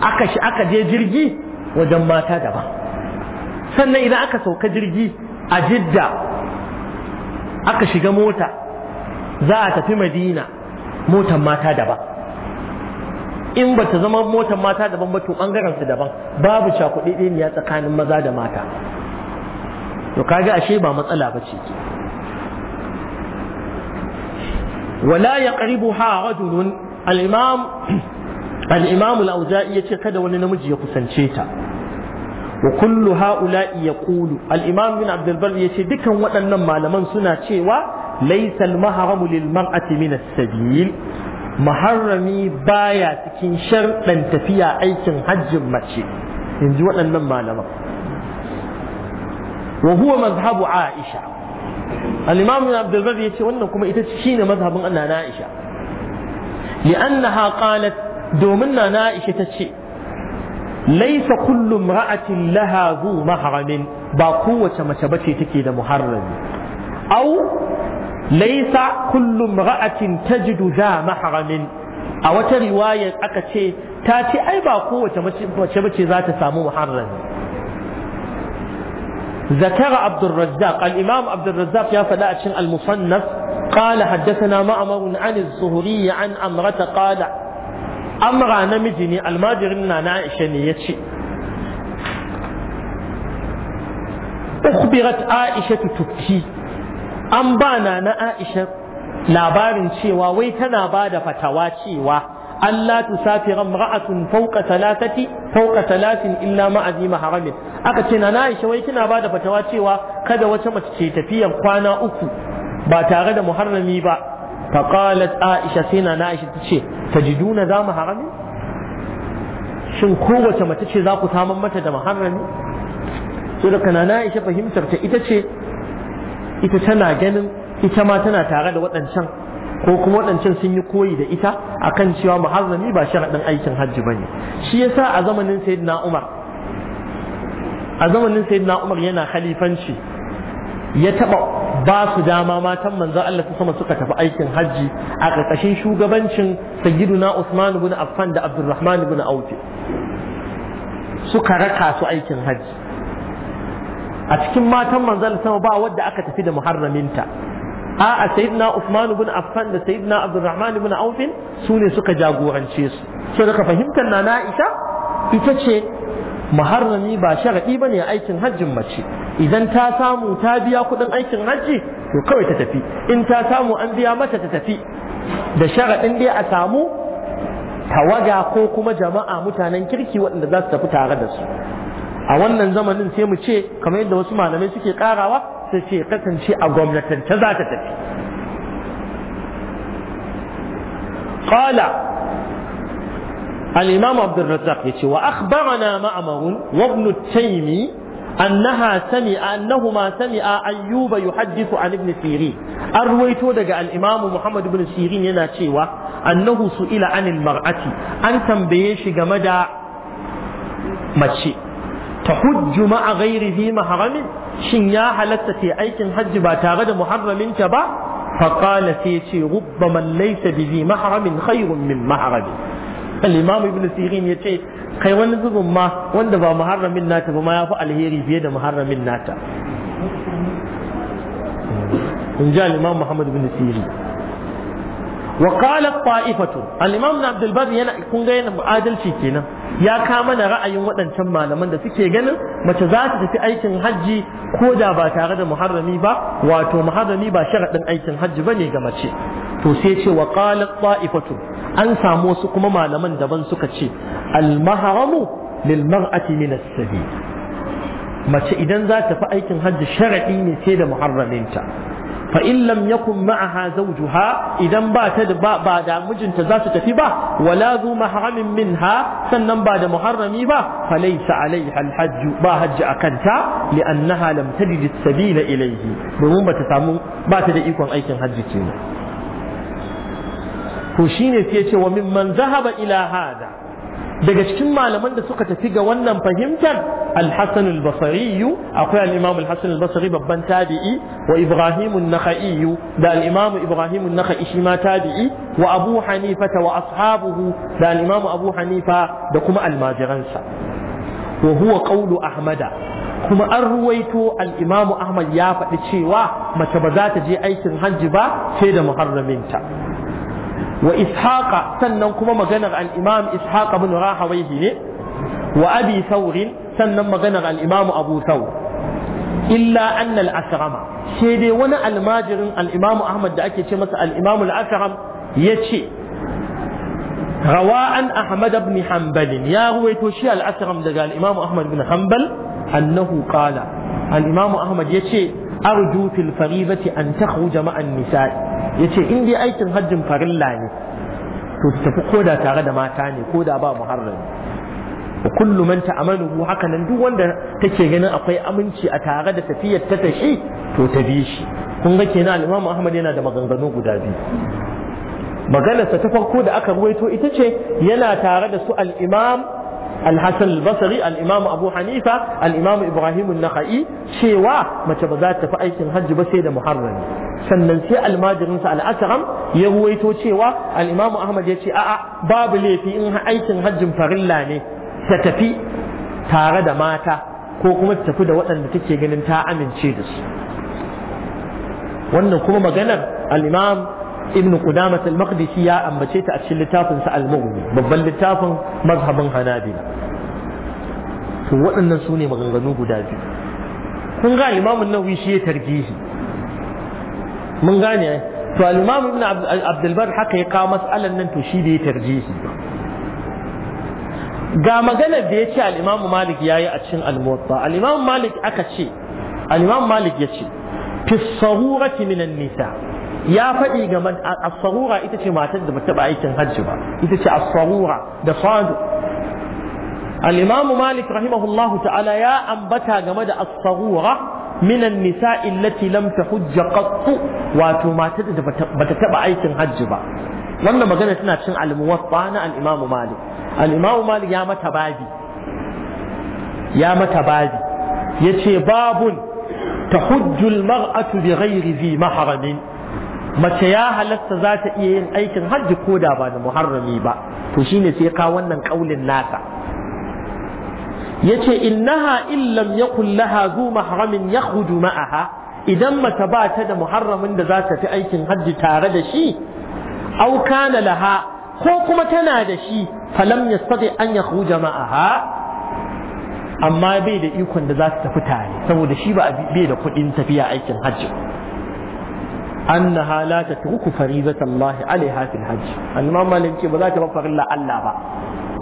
aka shi aka je jirgi wajen mata daban sannan idan aka sauka jirgi a jidda aka shiga mota za a tafi madina motan mata daban in ba ta zama motan mata daban ba to bangaren su daban babu cakuɗe ya tsakanin maza da mata to kage ashe ba matsala ba ce wala ya ƙaribu ha rajulun al'imam al'auza'i ya ce kada wani namiji ya kusance ta wa kullu ha'ula'i ya ƙulu al'imam bin abdulbar ya ce dukan waɗannan malaman suna cewa laisa al-mahramu lil mar'ati min as-sabil maharrami baya cikin sharɗan tafiya aikin hajjin mace in waɗannan malaman wa mazhabu aisha al-imam ibn abdul bar wannan kuma ita shine mazhabin anna na aisha li'annaha qalat domin na na aisha tace laysa kullu imra'atin laha zu mahramin ba kowace mace bace take da muharrami au laysa kullu imra'atin tajidu da maharamin. a wata riwaya aka ce ta ce ai ba kowace mace bace za ta samu muharrami ذكر عبد الرزاق الإمام عبد الرزاق يا فلاة المصنف قال حدثنا معمر عن الزهري عن أمرة قال نمدني نمجني الماجرنا نائشني يتشي أخبرت عائشة تبكي أم بانا نائشة labarin cewa wai tana ba da Allah tusafir ra'atun fawqa thalathati fawqa thalathin illa ma azima aka ce na Aisha wai kina bada fatawa cewa kada wata mace ce tafiyan kwana uku ba tare da muharrami ba faqalat Aisha sai na Aisha tace tajiduna za mu haramin shin kowace mace ce za ku saman mata da muharrami so da kana na fahimtar ta ita ce ita tana ganin ita ma tana tare da waɗancan ko kuma waɗancan sun yi koyi da ita a kan cewa muharrami ba sharaɗin aikin hajji bane shi yasa a zamanin sayyidina Umar a zamanin sayyidina Umar yana khalifanci ya taba ba su dama matan manzo Allah su sama suka tafi aikin hajji a ƙarƙashin shugabancin sayyiduna Usman ibn Affan da abdurrahman ibn Auf suka raka su aikin hajji a cikin matan manzo Allah ba wadda aka tafi da muharraminta a'a sayyidina Usman ibn Affan da sayyidina Abdurrahman ibn Auf su ne suka jagorance su so daga fahimtar na Aisha ita ce muharrami ba sharadi bane aikin hajjin mace idan ta samu ta biya kudin aikin hajji to kawai ta tafi in ta samu an biya mata ta tafi da sharadin dai a samu tawaga ko kuma jama'a mutanen kirki waɗanda za su tafi tare da su a wannan zamanin sai mu ce kamar yadda wasu malamai suke karawa ta kasance a gwamnatin za ta tafi qala al-imam abd al-razzaq yace wa akhbarana ma'mar wa ibn taymi annaha sami'a annahuma sami'a ayyuba yuhaddithu an ibn sirin arwayto daga al-imam muhammad ibn yana cewa annahu su'ila an al-mar'ati an tambaye shi game da mace تحج مع غير ذي محرم شن يا حلت في أيك حج بعد محرم تبع فقال في شيء ربما ليس بذي محرم خير من محرم الإمام ابن سيرين يتي خير ونزب ما واندبا محرم الناتا فما يفعل هيري بيد محرم الناتا من جاء الإمام محمد بن سيرين وقال الطائفة الإمام عبد البر يكون غير عادل شيء ya kama na ra'ayin waɗancan malaman da suke ganin mace za ta tafi aikin hajji ko da ba tare da muharrami ba wato muharrami ba sharaɗin aikin hajji ba ne ga mace to sai ce wa qalat ta'ifatu an samu wasu kuma malaman daban suka ce al mahramu lil mar'ati min as sabi mace idan za ta fi aikin hajji sharaɗi ne sai da muharraminta fa in lam yakun ma'aha zawjuha idan ba ta ba da mijinta za su tafi ba wala zu mahramin minha sannan ba da muharrami ba fa laysa alaiha alhajj ba hajji akanta kanta? lam tajid as-sabila ilayhi domin ba ta samu ba ta da ikon aikin hajji kenan to shine sai ya ce wa mimman zahaba ila hada daga cikin malaman da suka tafi ga wannan fahimtar al al akwai al-imam al al-basri babban tabi'i wa ibrahim an-nakhai da al-imam ibrahim an-nakhai shi ma tabi'i wa abu hanifa wa ashabuhu da al-imam abu hanifa da kuma almajiransa wa huwa qawlu ahmada kuma an ruwaito al-imam ahmad ya faɗi cewa mace ba za ta je aikin hajji ba sai da muharraminta wa ishaqa sannan kuma maganar al'imam imam ishaq ibn rahawayhi ne wa abi saurin sannan maganar al abu saur illa annal al-asrama sai dai wani almajirin al ahmad da ake ce masa al-imam al-asram rawa an ahmad ibn ya ruwaito shi al-asram daga al-imam ahmad ibn hanbal annahu qala al-imam ahmad yace arju fil faribati an takhruja ma'an nisa'i yace in dai aikin hajjin farilla ne to tafi koda tare da mata ne koda ba muharram wa kullu man ta'amalu haka nan duk wanda take ganin akwai aminci a tare da tafiyar ta tashi to ta bi shi kun ga kenan al-Imam Ahmad yana da maganganu guda biyu maganarsa ta farko da aka ruwaito ita ce yana tare da su al-Imam al-hasan al-basri al-imam abu hanifa al-imam ibrahim an cewa mace ba za ta fi aikin hajji ba sai da muharrami sannan sai almajirin sa al-asram ya ruwaito cewa al ahmad ya ce a'a babu laifi in aikin hajjin farilla ne ta tafi tare da mata ko kuma ta tafi da waɗanda take ganin ta amince da su wannan kuma maganar al'imam. ibn qudamah al-maqdisi ya ambace ta a cikin littafin sa al-mughni babban littafin mazhabin hanabila to waɗannan su ne maganganu guda biyu kun ga imamun nawawi shi ya tarjihi mun gane to al-imam ibn abdul haka ya kawo mas'alan nan to shi da ya tarjihi ga maganar da ya ce al'imamu malik ya yi a cin almuwatta al'imamu malik aka ce al'imamu malik ya ce fi sahurati minan nisa ya faɗi ga as-sarura ita ce matar da bata aikin hajji ba ita ce as-sarura da sadu al-imam malik rahimahullahu ta'ala ya ambata game da as-sarura min an-nisa'i allati lam tahujj qatt wato matar da bata taɓa aikin hajji ba wannan magana tana cin al-muwatta na al-imam malik al-imam malik ya mata babi ya mata babi yace babun tahujjul mar'atu bi ghairi zi mahramin mace ya halatta za ta iya yin aikin hajji ko da ba da muharrami ba to shine sai ka wannan kaulin nasa yace innaha illam yakul laha zu mahramin yakhruju ma'aha idan mace ba ta da muharramin da za ta fi aikin hajji tare da shi aw kana laha ko kuma tana da shi falam yastati an yakhruja ma'aha amma bai da ikon da za ta tafi tare saboda shi ba bai da kuɗin tafiya aikin hajji annaha la tatruku faridata Allah alaiha fil hajj al-imam malik ce ba za ta bar farilla Allah ba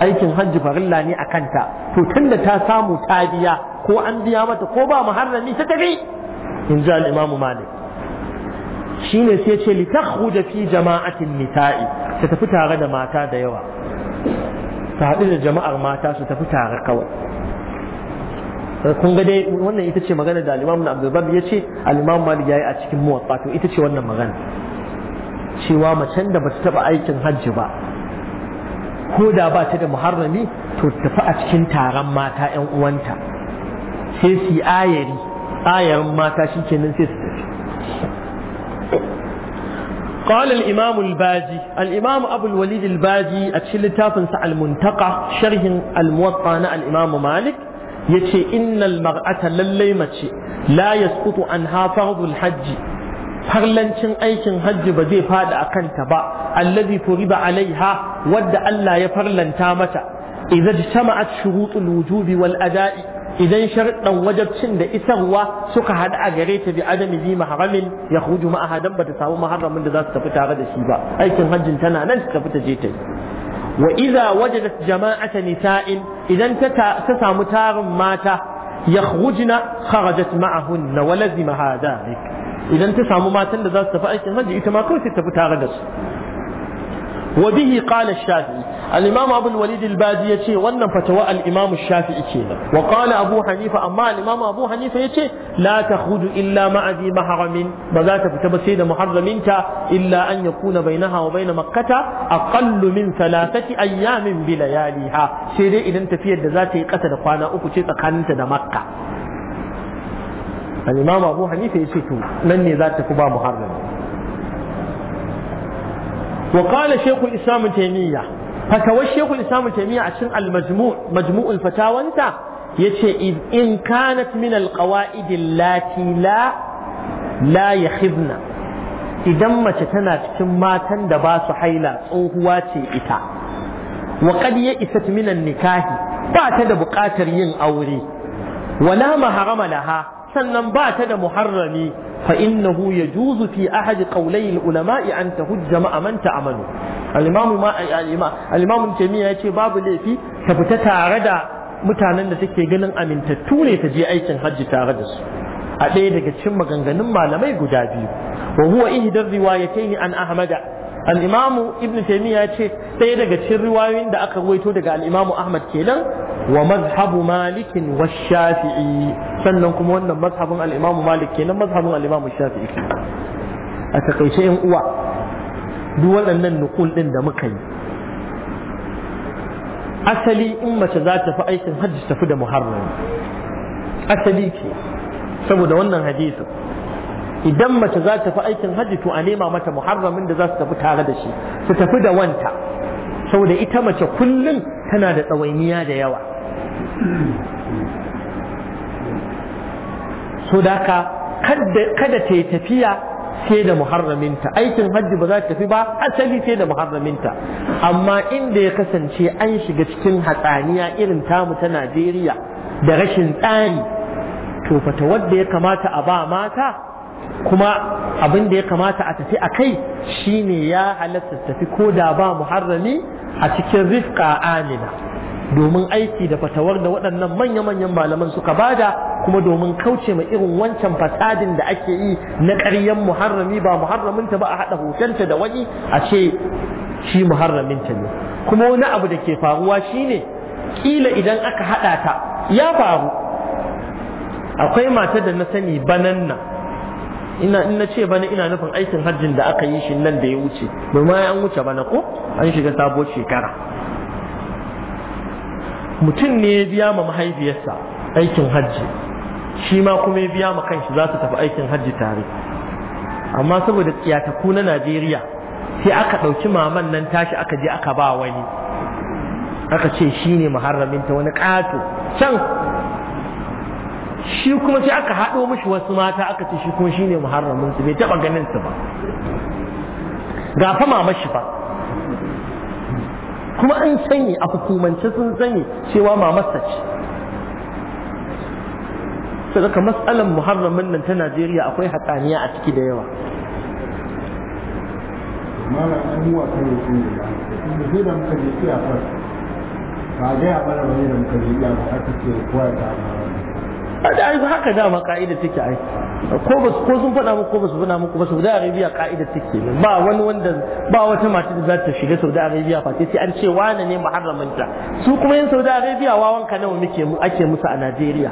aikin hajji farilla ne a kanta to tunda ta samu ta biya ko an biya mata ko ba muharrami ta tafi in ji al-imam malik shine sai ce li takhruja fi jama'atin nita'i ta tafi tare da mata da yawa ta haɗu da jama'ar mata su tafi tare kawai kun ga dai wannan ita ce magana da al-Imam Abdul Barr yace al-Imam ya yi a cikin Muwatta to ita ce wannan magana cewa macen da bata taba aikin hajji ba ko da ba ta da muharrami to tafi a cikin taron mata ƴan uwanta sai su yi ayari ayarin mata shi shikenan sai su tafi قال الإمام الباجي الإمام أبو الوليد الباجي أتشل تافنس المنتقى شرح الموطأ الإمام مالك yace innal mar'ata lallai mace la yasqutu an fardul hajji farlancin aikin hajji ba zai fada a kanta ba allazi furiba alaiha wadda Allah ya farlanta mata idza jama'at shurutul wujubi wal ada'i idan sharɗan wajabcin da isarwa suka haɗu a gare ta bi adami bi maharamin ya huju ma'ahadan ba ta samu maharamin da za su tafi tare da shi ba aikin hajjin tana nan ta tafi ta je ta yi وإذا وجدت جماعة نساء إذا تسام تار مات يخرجن خرجت معهن ولزمها ذلك إذا مات ماتا لذات ما جئت ما كنت تفتار وبه قال الشافعي al-imam abul ya ce wannan fatawa al-imam shafi'i ce wa qala abu hanifa amma al-imam abu hanifa yace la takhudu illa ma'azi zi ba za ta fita ba sai da muharraminta illa an yakuna bainaha wa bain makkata aqallu min salasati ayyamin bila bi layaliha sai dai idan tafiyar da za ta yi kasa da kwana uku ce tsakaninta da makka al-imam abu hanifa yace to nan ne za ta fi ba muharrami وقال شيخ الإسلام تيمية fatawar shekul islam taimiyya a cikin majmuul fatawanta yace in kanat min al-qawaid allati la ya hibna. idan mace tana cikin matan da ba su haila tsohuwa ce ita wa qad ya isat min nikahi ba ta da buƙatar yin aure wala maharama laha sannan ba ta da muharrami fa innahu yajuzu fi ahadi qawlai ulama'i an tahujja ma man ta'amanu al-imamu ma al-imamu jami'a yace babu laifi ta fita tare da mutanen da take ganin amintattu ne ta je aikin hajji tare da su a ɗaya daga cikin maganganun malamai guda biyu wa huwa ihdar riwayatayn an ahmada al-imam ibn taymiya ce ɗaya daga cikin riwayoyin da aka ruwaito daga al-imam ahmad kenan wa mazhabu malik wa shafi'i sannan kuma wannan mazhabin al-imam malik kenan mazhabin al-imam shafi'i a takaice yan uwa duk waɗannan nukul din da muka yi asali in mace za ta fi aikin hajji tafi da muharram asali ke saboda wannan hadisin idan mace za ta fi aikin hajji to a nema mata muharramin da za su tafi tare da shi su tafi da wanta saboda ita mace kullum tana da tsawainiya da yawa so da kada ta yi tafiya sai da muharraminta aikin hajji ba za ta tafi ba asali sai da muharraminta amma inda ya kasance an shiga cikin hatsaniya irin tamu ta najeriya da rashin tsari to fata wadda ya kamata a ba mata kuma abin da ya kamata a tafi a kai shine ya halatta tafi ko da ba muharrami a cikin rifka amina domin aiki da fatawar da waɗannan manya-manyan malaman suka bada kuma domin kauce ma irin wancan fasadin da ake yi na ƙaryan muharrami ba muharramin ta ba a haɗa hotonta da wani a ce shi muharraminta ne kuma wani abu da ke faruwa shine kila idan aka haɗa ta ya faru akwai mata da na sani banan nan. ina in na ce bana ina nufin aikin hajjin da aka yi shi nan da ya wuce domin an wuce bana ko an shiga sabuwar shekara mutum ne ya biya ma mahaifiyarsa aikin hajji shi ma kuma ya biya ma kanshi za su tafi aikin hajji tare amma saboda tsiyataku na najeriya sai aka ɗauki maman nan tashi aka je aka ba wani aka ce shi ne ta wani ƙato can shi kuma sai aka haɗo mashi wasu mata aka ce shi kuma shi ne muharraminsu, bai taɓa ganin su ba ga fa mama ba. kuma an sani a hukumance sun sani cewa mamarsa ce sai daga matsalar muharramin nan ta Najeriya akwai hatsaniya a ciki da yawa ba a gaya mana da muka yi iya ba aka ce kowa da a da aibu haka dama ka'ida take ai ko ba ko sun faɗa muku ko ba su faɗa muku ba Saudi Arabia ka'ida take ba wani wanda ba wata mata da za ta shiga Saudi Arabia fa sai an ce wani ne muharramin ta su kuma yan Saudi Arabia wawan ka nawa muke mu ake musu a Najeriya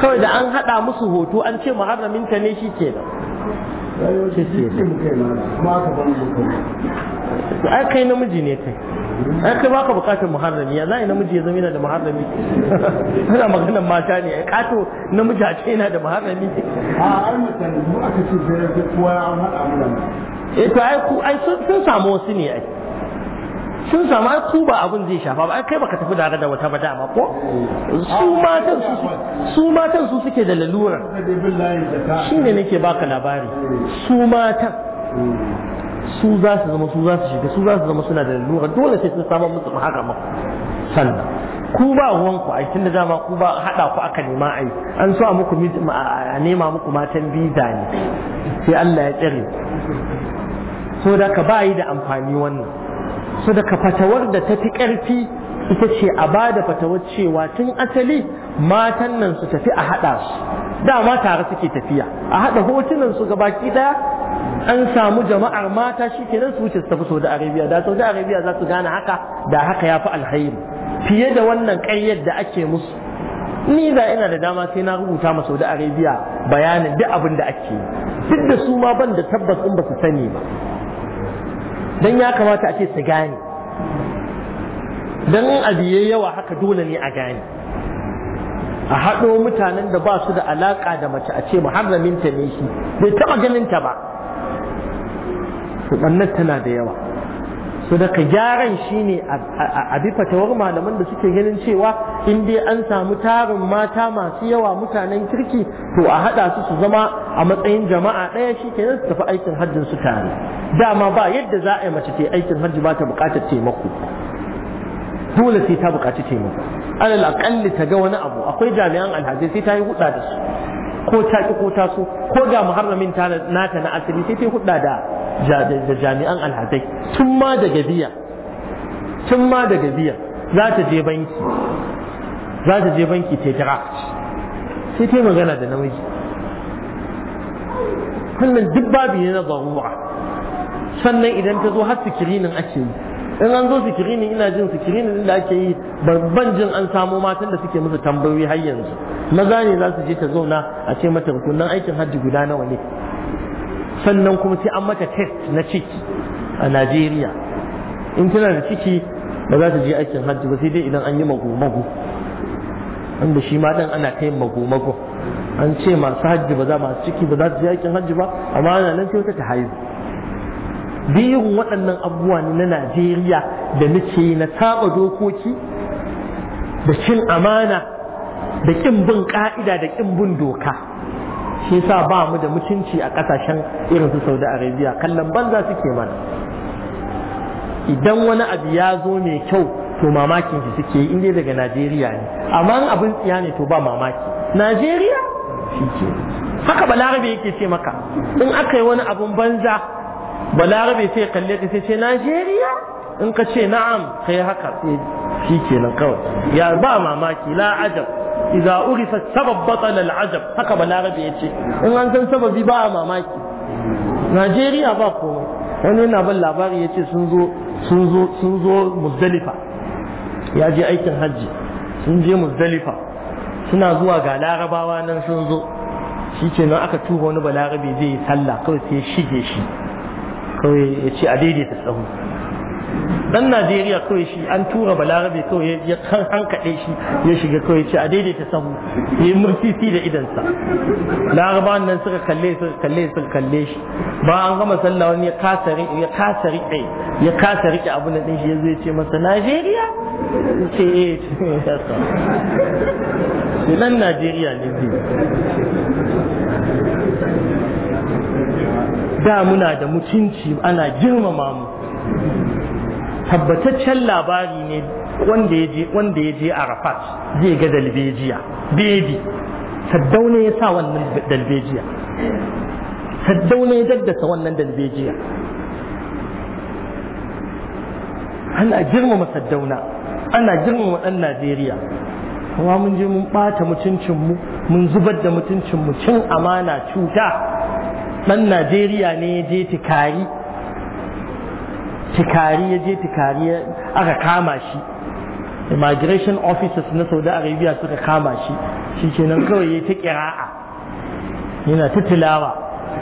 kawai da an haɗa musu hoto an ce muharramin ta ne shikenan ai kai namiji ne kai ai kai baka bukatar muharrami ya zai namiji ya zama yana da muharrami *laughs* ana maganar mata ne ai kato namiji a ce yana da muharrami a ai mutane mu aka ce zai rage kowa an haɗa mu eh to ai ku ai sun samu wasu ne ai sun samu ai ku ba abin zai shafa ba ai kai baka tafi tare da wata ba dama ko su matan su su matan su suke da lalura shine nake baka labari su matan mm. su za su zama su za su shiga su za su zama suna da lura dole sai sun samu musu haka maka sannan ku ba wanku ai tun da dama ku ba ku aka nema ai an so a muku a nema muku matan biza ne sai Allah ya tsare so da ka bayi da amfani wannan so da ka fatawar da ta fi ƙarfi ita ce a ba da fatawar cewa tun asali matan nan su tafi a haɗa su dama tare suke tafiya a haɗa hotunan su gabaki ɗaya an samu jama'ar mata shi kenan su wuce su tafi Saudi Arabia da Saudi Arabia za su gane haka da haka ya fi alhairi fiye da wannan ƙaryar da ake musu ni za ina da dama sai na rubuta ma Saudi Arabia bayanin duk abin da ake duk da su ma ban da tabbas in ba su sani ba dan ya kamata a ce su gane dan abu yawa haka dole ne a gane a haɗo mutanen da ba su da alaƙa da mace a ce muharraminta ne shi bai taɓa ganin ta ba ɓannar tana da yawa su daga gyaran shi ne a bi fatawar malaman da suke ganin cewa in dai an samu tarin mata masu yawa mutanen kirki to a haɗa su su zama a matsayin jama'a ɗaya shi kenan su tafi aikin hajjin su tare dama ba yadda za a yi mace ta aikin hajji ba ta buƙatar taimako dole sai ta buƙaci taimako alal aƙalli ta ga wani abu akwai jami'an alhazai sai ta yi huɗa da su ko ta ki ko ta so ko ga muharramin ta nata na asali sai ta yi huɗa da jami'an alhazai tun ma da biya tun ma daga biya za ta je banki za ta je banki ta kira sai ta yi magana da namiji kullum duk babu ne na zarura sannan idan ta zo har sikirinin ake yi in an zo sikirini ina jin sikirini da ake yi babban jin an samo matan da suke musu tambayoyi har yanzu maza ne za su je ta zauna a ce mata rukunan aikin hajji guda nawa ne sannan kuma sai an mata test na ciki a Najeriya in tana da ciki ba za ta je aikin hajji ba sai dai idan an yi mago-mago wanda shi ma dan ana kai mago-mago an ce masu hajji ba za masu ciki ba za su je aikin hajji ba amma ana nan sai wata ta haihu Birin waɗannan abubuwa ne na najeriya da nace na taɓa dokoki da cin amana da ƙin bin ƙa'ida da ƙin bin doka shi yasa ba mu da mutunci a ƙasashen irin su saudi arabia kallon banza suke mana idan wani abu ya zo mai kyau to mamakin shi suke in dai daga najeriya ne amma abin tsiya ne to ba mamaki najeriya haka balarabe yake ce maka in aka yi wani abun banza balarabe sai kalle ka sai ce najeriya in ka ce na'am sai haka sai shi kenan kawai ya ba mamaki la ajab idza urifa sabab batal al ajab haka balarabe ya ce. in an san sababi ba mamaki najeriya ba komai wani yana ban labari ce sun zo sun zo sun zo muzdalifa ya je aikin hajji sun je muzdalifa suna zuwa ga larabawa nan sun zo shi nan aka tuba wani balarabe zai yi sallah kawai sai shige shi kawai ya ce a daidaita tsawon dan Najeriya kawai shi an tura balarabe kawai ya kan hankaɗe shi ya shiga kawai ce a daidaita sahu ya yi murtisi da idansa laraba nan suka kalle suka kalle suka kalle shi ba an gama sallah wani ya kasa ya kasa riƙe ya kasa riƙe abun nan shi ya zai ce masa Najeriya ce eh dan *laughs* Najeriya ne da muna da mutunci ana girmama mu tabbataccen labari ne wanda ya je wanda ya je Arafat zai ga dalbejiya bebi saddauna ya sa wannan dalbejiya saddauna ya daddasa wannan dalbejiya ana girmama saddauna ana girmama ɗan Najeriya kuma mun je mun ɓata mutuncinmu mun zubar da mutuncinmu cin amana cuta ɗan Najeriya ne ya je tikari tikari ya je tikari aka kama shi immigration officers na saudi arabia suka kama shi shi kenan kawai ya ta kira'a yana ta tilawa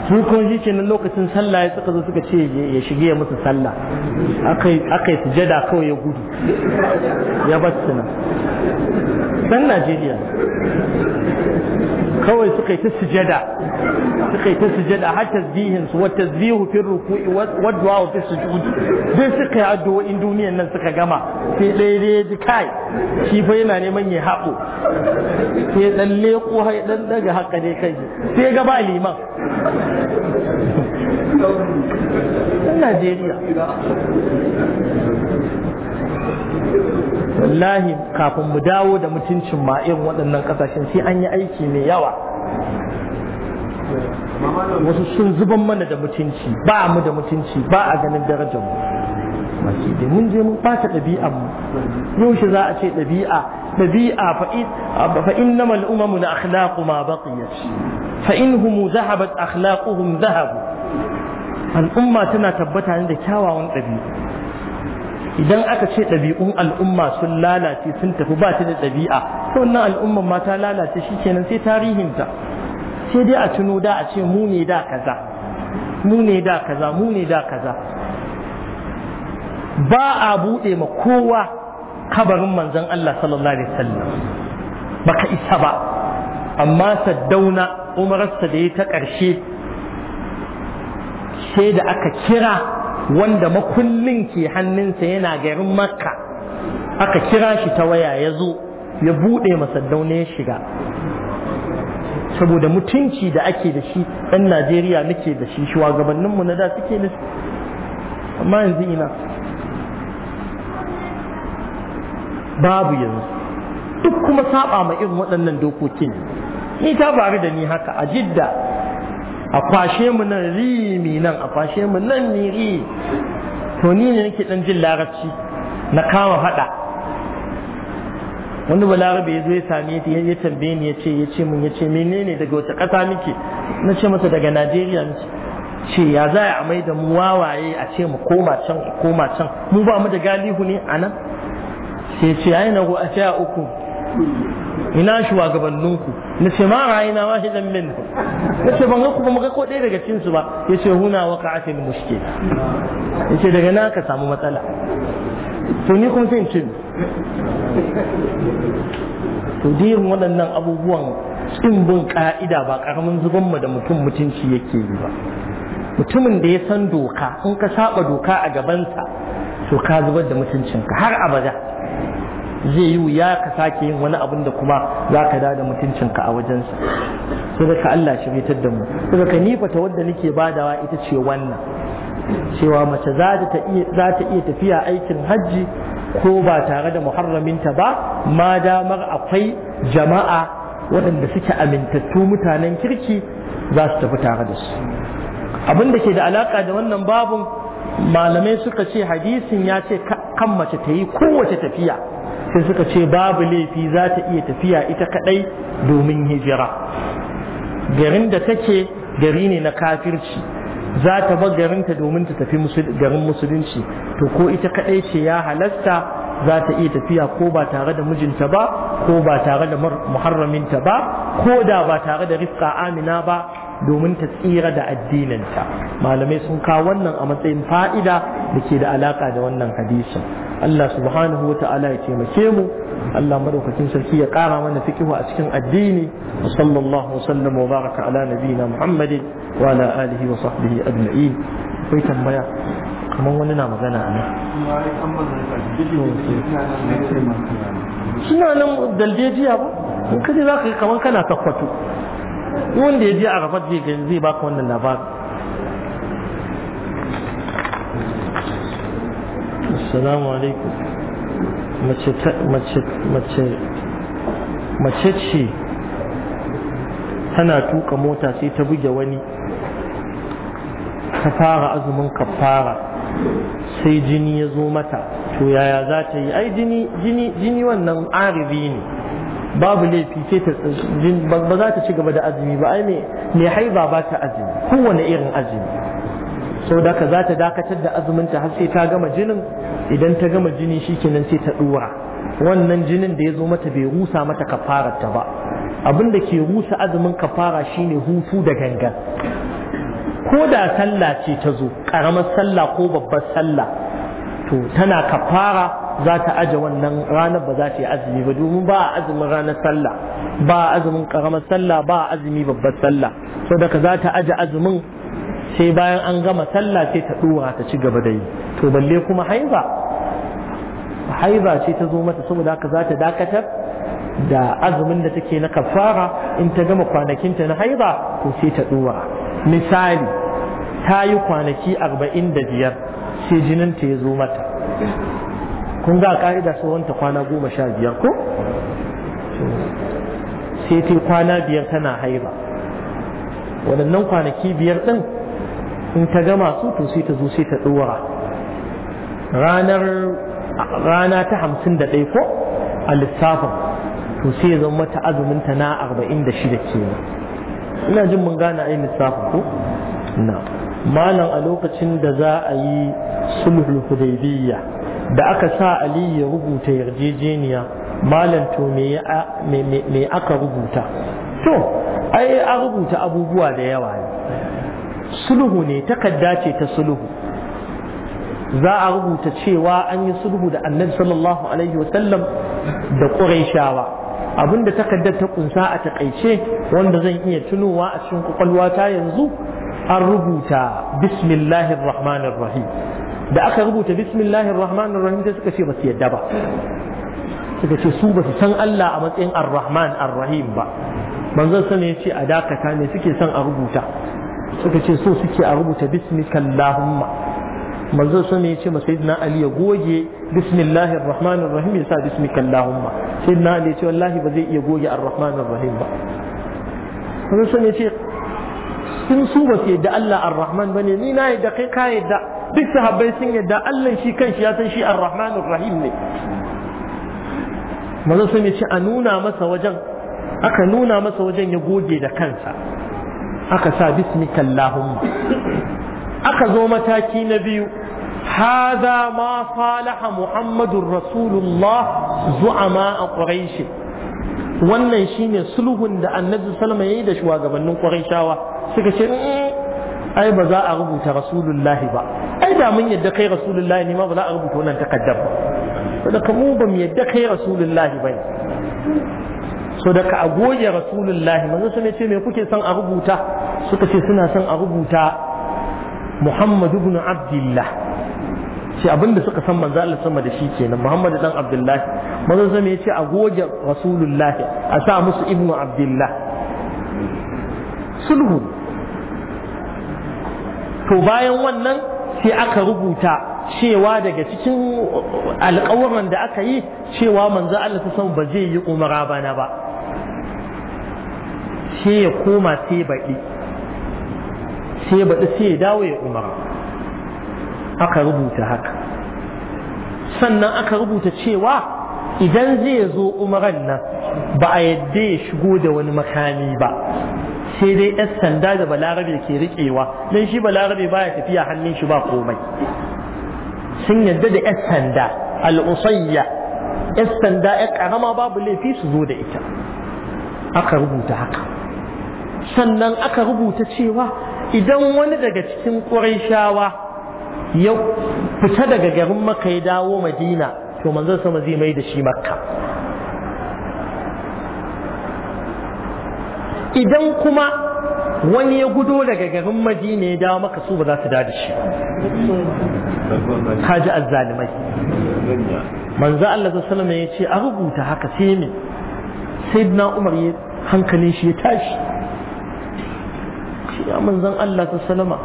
su kuma shi kenan lokacin sallah ya suka zo suka ce ya shige ya musu sallah aka yi sujada kawai ya gudu ya bar su nan dan najeriya kawai suka yi ta sujada suka yi ta sujada har tasbihin su wa tasbihu fi ruku'i wa du'a fi sujudi dai suka yi addu'o'in duniyar nan suka gama sai dai dai ji kai shi fa yana neman ya haƙo sai dan leko har dan daga haka ne kai sai ya ba liman Najeriya wallahi kafin mu dawo da mutuncin ma irin waɗannan ƙasashen sai an yi aiki mai yawa wasu sun zuban mana da mutunci ba mu da mutunci ba a ganin darajar mu da mun je mun ɓata ɗabi'a mu shi za a ce ɗabi'a ɗabi'a fa innama al'umamu na akhlaqu ma baqiyat fa in inhum zahabat akhlaquhum zahabu al'umma tana tabbata ne da kyawawan ɗabi'a idan aka ce ɗabi'un al'umma sun lalace sun tafi ba ta da ɗabi'a to wannan al'umman ma ta lalace shikenan sai tarihinta sai dai a tuno da a ce mu ne da kaza mu ne da kaza mu ne da kaza ba a bude ma kowa kabarin manzon Allah sallallahu alaihi wasallam baka isa ba amma saddauna umararsa da ya ta ƙarshe sai da aka kira wanda makullin ke hannunsa yana garin makka aka kira shi ta waya ya zo ya buɗe masaddauna ya shiga saboda mutunci da ake da shi ɗan najeriya nake da shi shugabanninmu na da suke da amma yanzu ina babu yanzu duk kuma saba ma irin waɗannan dokokin ni ta faru da ni haka a jidda a kwashe mu nan rimi nan a kwashe mu nan ni ri to ni ne nake ɗan jin larabci na kama faɗa wani balarabe ya zo ya same ta ya tambaye ni ya ce ya ce mun ya ce menene daga wata ƙasa muke na ce masa daga najeriya muke ce ya za a mai da mu wawaye a ce mu koma can koma can mu ba mu da galihu ne a nan sai ce ai na a uku ina shugabanninku na ce ma ra'ayina wahidan minhu na ce ban ga ku ba mu ga ko ɗaya daga cikin su ba yace huna waqa'atil ya yace daga na ka samu matsala to ni kuma sai cin to dirin waɗannan abubuwan cikin bin ka'ida ba ƙaramin zuban mu da mutum mutunci yake yi ba mutumin da ya san doka in ka saba doka a gabansa to ka zubar da mutuncinka har abada zai yi wuya ka sake yin wani abin da kuma za ka da mutuncinka a wajensa sai ka Allah shi fitar da mu sai ka ni wadda nake badawa ita ce wannan cewa mace za ta iya tafiya aikin hajji ko ba tare da muharraminta ba ma damar akwai jama'a waɗanda suke amintattu mutanen kirki za su tafi tare da su abin da ke da alaƙa da wannan babun malamai suka ce hadisin ya ce kan mace ta yi kowace tafiya sai suka ce babu laifi za ta iya tafiya ita kadai domin hijira garin da take gari ne na kafirci za ta bar garinta domin ta tafi garin musulunci to ko ita kadai ce ya halasta za ta iya tafiya ko ba tare da mijinta ba ko ba tare da muharraminta ba ko da ba tare da rifka amina ba domin ta tsira da addininta malamai sun kawo wannan a matsayin fa'ida da ke da alaka da wannan hadisin Allah subhanahu wa ta'ala ya taimake mu Allah madaukakin sarki ya ƙara mana fikihu a cikin addini sallallahu wasallam wa baraka ala nabiyina Muhammadin wa ala alihi wa sahbihi ajma'in akwai tambaya kamar wani na magana a nan suna nan daljejiya ba in kaje za ka yi kamar kana takwato wanda ya je a rabat zai baka wannan labarin assalamu alaikum mace ce tana tuka mota sai ta buge wani ta fara azumin kafara sai jini ya zo mata to yaya za ta yi ai jini wannan arzi ne babu laifi sai ta ba za ta ci gaba da azumi ba ai mai haiba ba ta azumi kowane irin azumi sau da ka za ta dakatar da azuminta har sai ta gama jinin idan ta gama jini shikenan sai ta dora wannan jinin da ya zo mata bai rusa mata ta ba abin da ke rusa azumin kafara shine hutu da gangan ko da sallah ce ta zo karamar sallah ko babbar sallah to tana kafara za ta aje wannan ranar ba za ta yi azumi ba domin ba azumin ranar sallah ba azumin karamar sallah ba azumi babbar sallah saboda ka za ta aje azumin sai bayan an gama sallah sai ta ɗora ta ci gaba da yi to balle kuma haiba haiza ce ta zo mata saboda haka za ta dakatar da azumin da take na kafara in ta gama kwanakinta na haiza to sai ta ɗora misali ta yi kwanaki arba'in da biyar sai ta ya zo mata kun ga ka'ida tsohonta kwana goma sha biyar ko sai ta kwana biyar tana haiba waɗannan kwanaki biyar ɗin in ta gama su to sai ta zo sai ta ɗora ranar rana ta hamsin da ɗai ko a lissafin to sai zama mata azumin ta na arba'in da shida kenan ina jin mun gane ai lissafin ko na malam a lokacin da za a yi sulhul hudaybiyya da aka sa ali ya rubuta yarjejeniya malam to me aka rubuta to ai a rubuta abubuwa da yawa ne sulhu ne takadda ce ta sulhu za a rubuta cewa an yi sulhu da annabi sallallahu alaihi wasallam da ƙurayshawa abinda takaddar ta kunsa a takaice wanda zan iya tunowa a cikin kwakwalwata yanzu an rubuta bismillahir rahmanir rahim da aka rubuta bismillahir rahmanir rahim sai suka ce ba su yadda ba suka ce su ba su san Allah a matsayin ar-rahman ar-rahim ba manzon sa ne ya ce a dakata ne suke son a rubuta suka ce so suke a rubuta bismika manzo so ne ce masa sayyidina Ali ya goge bismillahir rahmanir rahim ya sa bismika sai sayyidina Ali yace wallahi ba zai iya goge ar-rahmanir rahim ba manzo so ne yace in su ba su yadda Allah ar-rahman bane ni na yadda kai ka yadda duk sahabbai sun yadda Allah shi kanshi ya san shi ar-rahmanir rahim ne manzo so ne yace a nuna masa wajen aka nuna masa wajen ya goge da kansa aka sa bismika Allahumma aka zo mataki na biyu هذا ما Muhammadu محمد رسول الله a قريش wannan shine sulhun da annabi ya yi da shugabannin quraishawa suka ce mm, ai ba za a rubuta rasulullahi ba ai da mun yadda kai rasulullahi ne ma ba za a rubuta wannan takaddar ba saboda mu ba mu yadda kai rasulullahi ba so daga a goge rasulullahi manzo sun ce me kuke son a rubuta suka ce suna son a rubuta muhammad ibn abdullah ce abinda suka san manzo Allah sama da shi kenan muhammad dan abdullah manzo sun ce a goge rasulullahi a sa musu ibnu abdullah sulhu to bayan wannan sai aka rubuta cewa daga cikin alƙawaran da aka yi cewa manzo Allah ta san ba zai yi umara bana ba sai ya koma sai baɗi sai baɗi sai ya dawo ya umara aka rubuta haka sannan aka rubuta cewa idan zai zo umaran nan ba a yadda ya shigo da wani makami ba sai dai yan sanda da balarabe ke riƙewa don shi balarabe baya tafiya hannun shi ba komai sun yadda da yan sanda al'usayya yan sanda yan ƙarama babu laifi su zo da ita aka rubuta haka sannan aka rubuta cewa idan wani daga cikin ƙwarishawa ya fita daga garin maka ya dawo madina to manzon sama zai mai da shi makka idan kuma wani ya gudo daga garin madina ya dawo maka su ba za su da da shi kaji azzalimai manzo Allah sallallahu alaihi wasallam ya ce a rubuta haka sai ne sayyidina umar ya shi ya tashi shi ya manzon Allah ta salama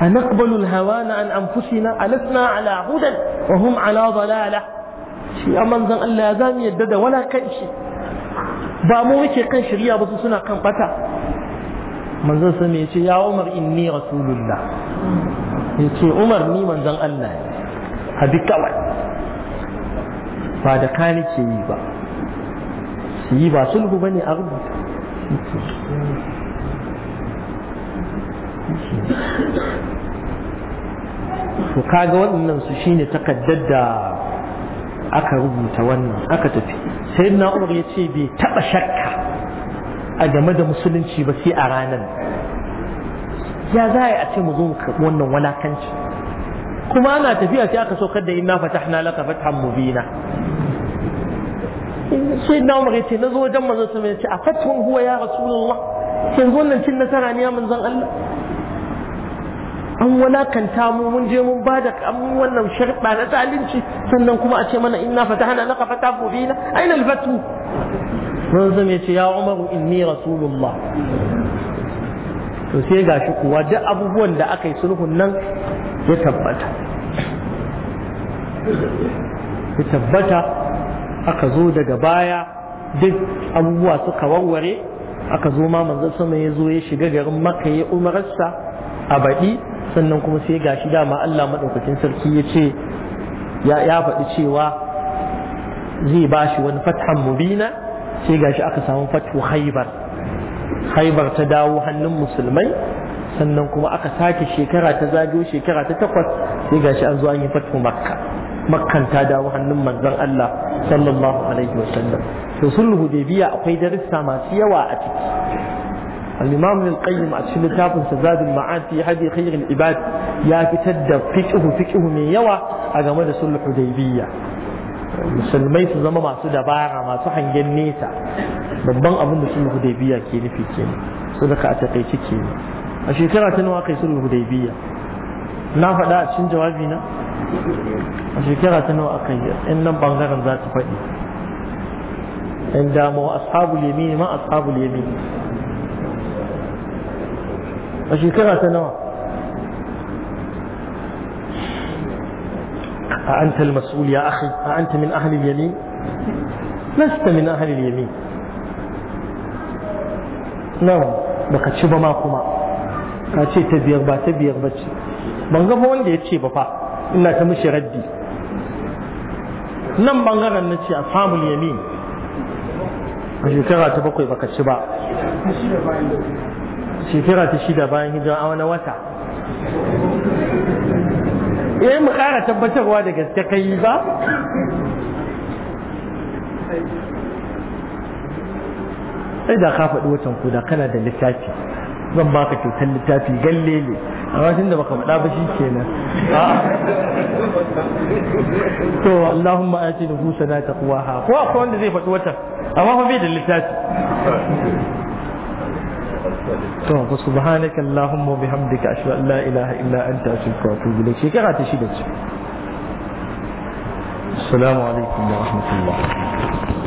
a naqbalul hawana an anfusina alasna ala hudan wa hum ala dalala shi ya manzon Allah ya zamu yadda da wala kan shi ba mu muke kan shari'a ba su suna kan bata manzon me yace ya umar inni rasulullah yace umar ni Allah ne ba da kani ke yi ba su yi ba sulhu bane a rubuta to kaga waɗannan su shine takaddar da aka rubuta wannan aka tafi sai na umar ya ce bai taɓa shakka a game da musulunci ba sai a ranar ya za a ce mu zo mu karɓi wannan walakanci kuma ana tafiya sai aka saukar da inna fatahna laka fathan mubina sai na umar yace na zo wajen manzon sama yace a fatwan huwa ya rasulullah yanzu wannan cin nasara ne ya manzon Allah an walakanta mu mun je mun bada an wannan sharɗa na zalunci sannan kuma a ce mana inna fatahna laka fata mubina aina al-fatu manzon yace ya umar inni rasulullah to sai gashi kuwa duk abubuwan da aka yi sulhun nan ya tabbata ya tabbata aka zo daga baya duk abubuwa suka warware aka zo ma manzon sama ya zo ya shiga garin makka ya umararsa a baɗi sannan kuma sai gashi dama Allah maɗaukakin sarki ya ce ya faɗi cewa zai ba shi wani fathan mubina sai gashi aka samu fathu haibar haibar ta dawo hannun musulmai sannan kuma aka sake shekara ta zago shekara ta takwas sai gashi an zo an yi fathu makka makkan ta dawo hannun manzon Allah sallallahu alaihi wa wasallam to sulhu hudaybiya akwai darussa masu yawa a ciki al-imam al-qayyim a cikin littafin sa zadul ma'ad fi hadi khair al-ibad ya fitar da fiqhu fiqhu mai yawa a game da sulhu hudaybiya musulmai su zama masu dabara masu hangen nesa babban abin da sulhu hudaybiya ke nufi kenan sadaka a takaice kenan a shekara ta nawa kai sulhu hudaybiya na faɗa a cikin jawabi na a shekara ta nawa akan yi in nan bangaren za ta faɗi in damu ashabul yamin ma ashabul yamin a shekara ta nawa a anta al-mas'ul ya أأنت المسؤول يا أخي أأنت من أهل اليمين لست من أهل اليمين نعم baka ci ba ma kuma ka ce ta biyar ba ta biyar ba ce ban ga wanda ya ce ba fa ina ta mishi raddi nan bangaren na ce a samun yamin a shekara ta bakwai baka ci ba shekara ta shida bayan hijira a wani wata eh mu kara tabbatarwa da gaske kai ba sai da ka faɗi watan kuda kana da littafi zan baka kyautar littafi galle ne amma tun da baka faɗa ba shi kenan to Allahumma ati nuhu sana taqwaha ko akwai wanda zai faɗi wata amma fa bai da littafi to ku subhanaka Allahumma wa bihamdika ashhadu an la ilaha illa anta astaghfiruka wa atubu ilayk shekara shi da ce assalamu alaikum wa rahmatullah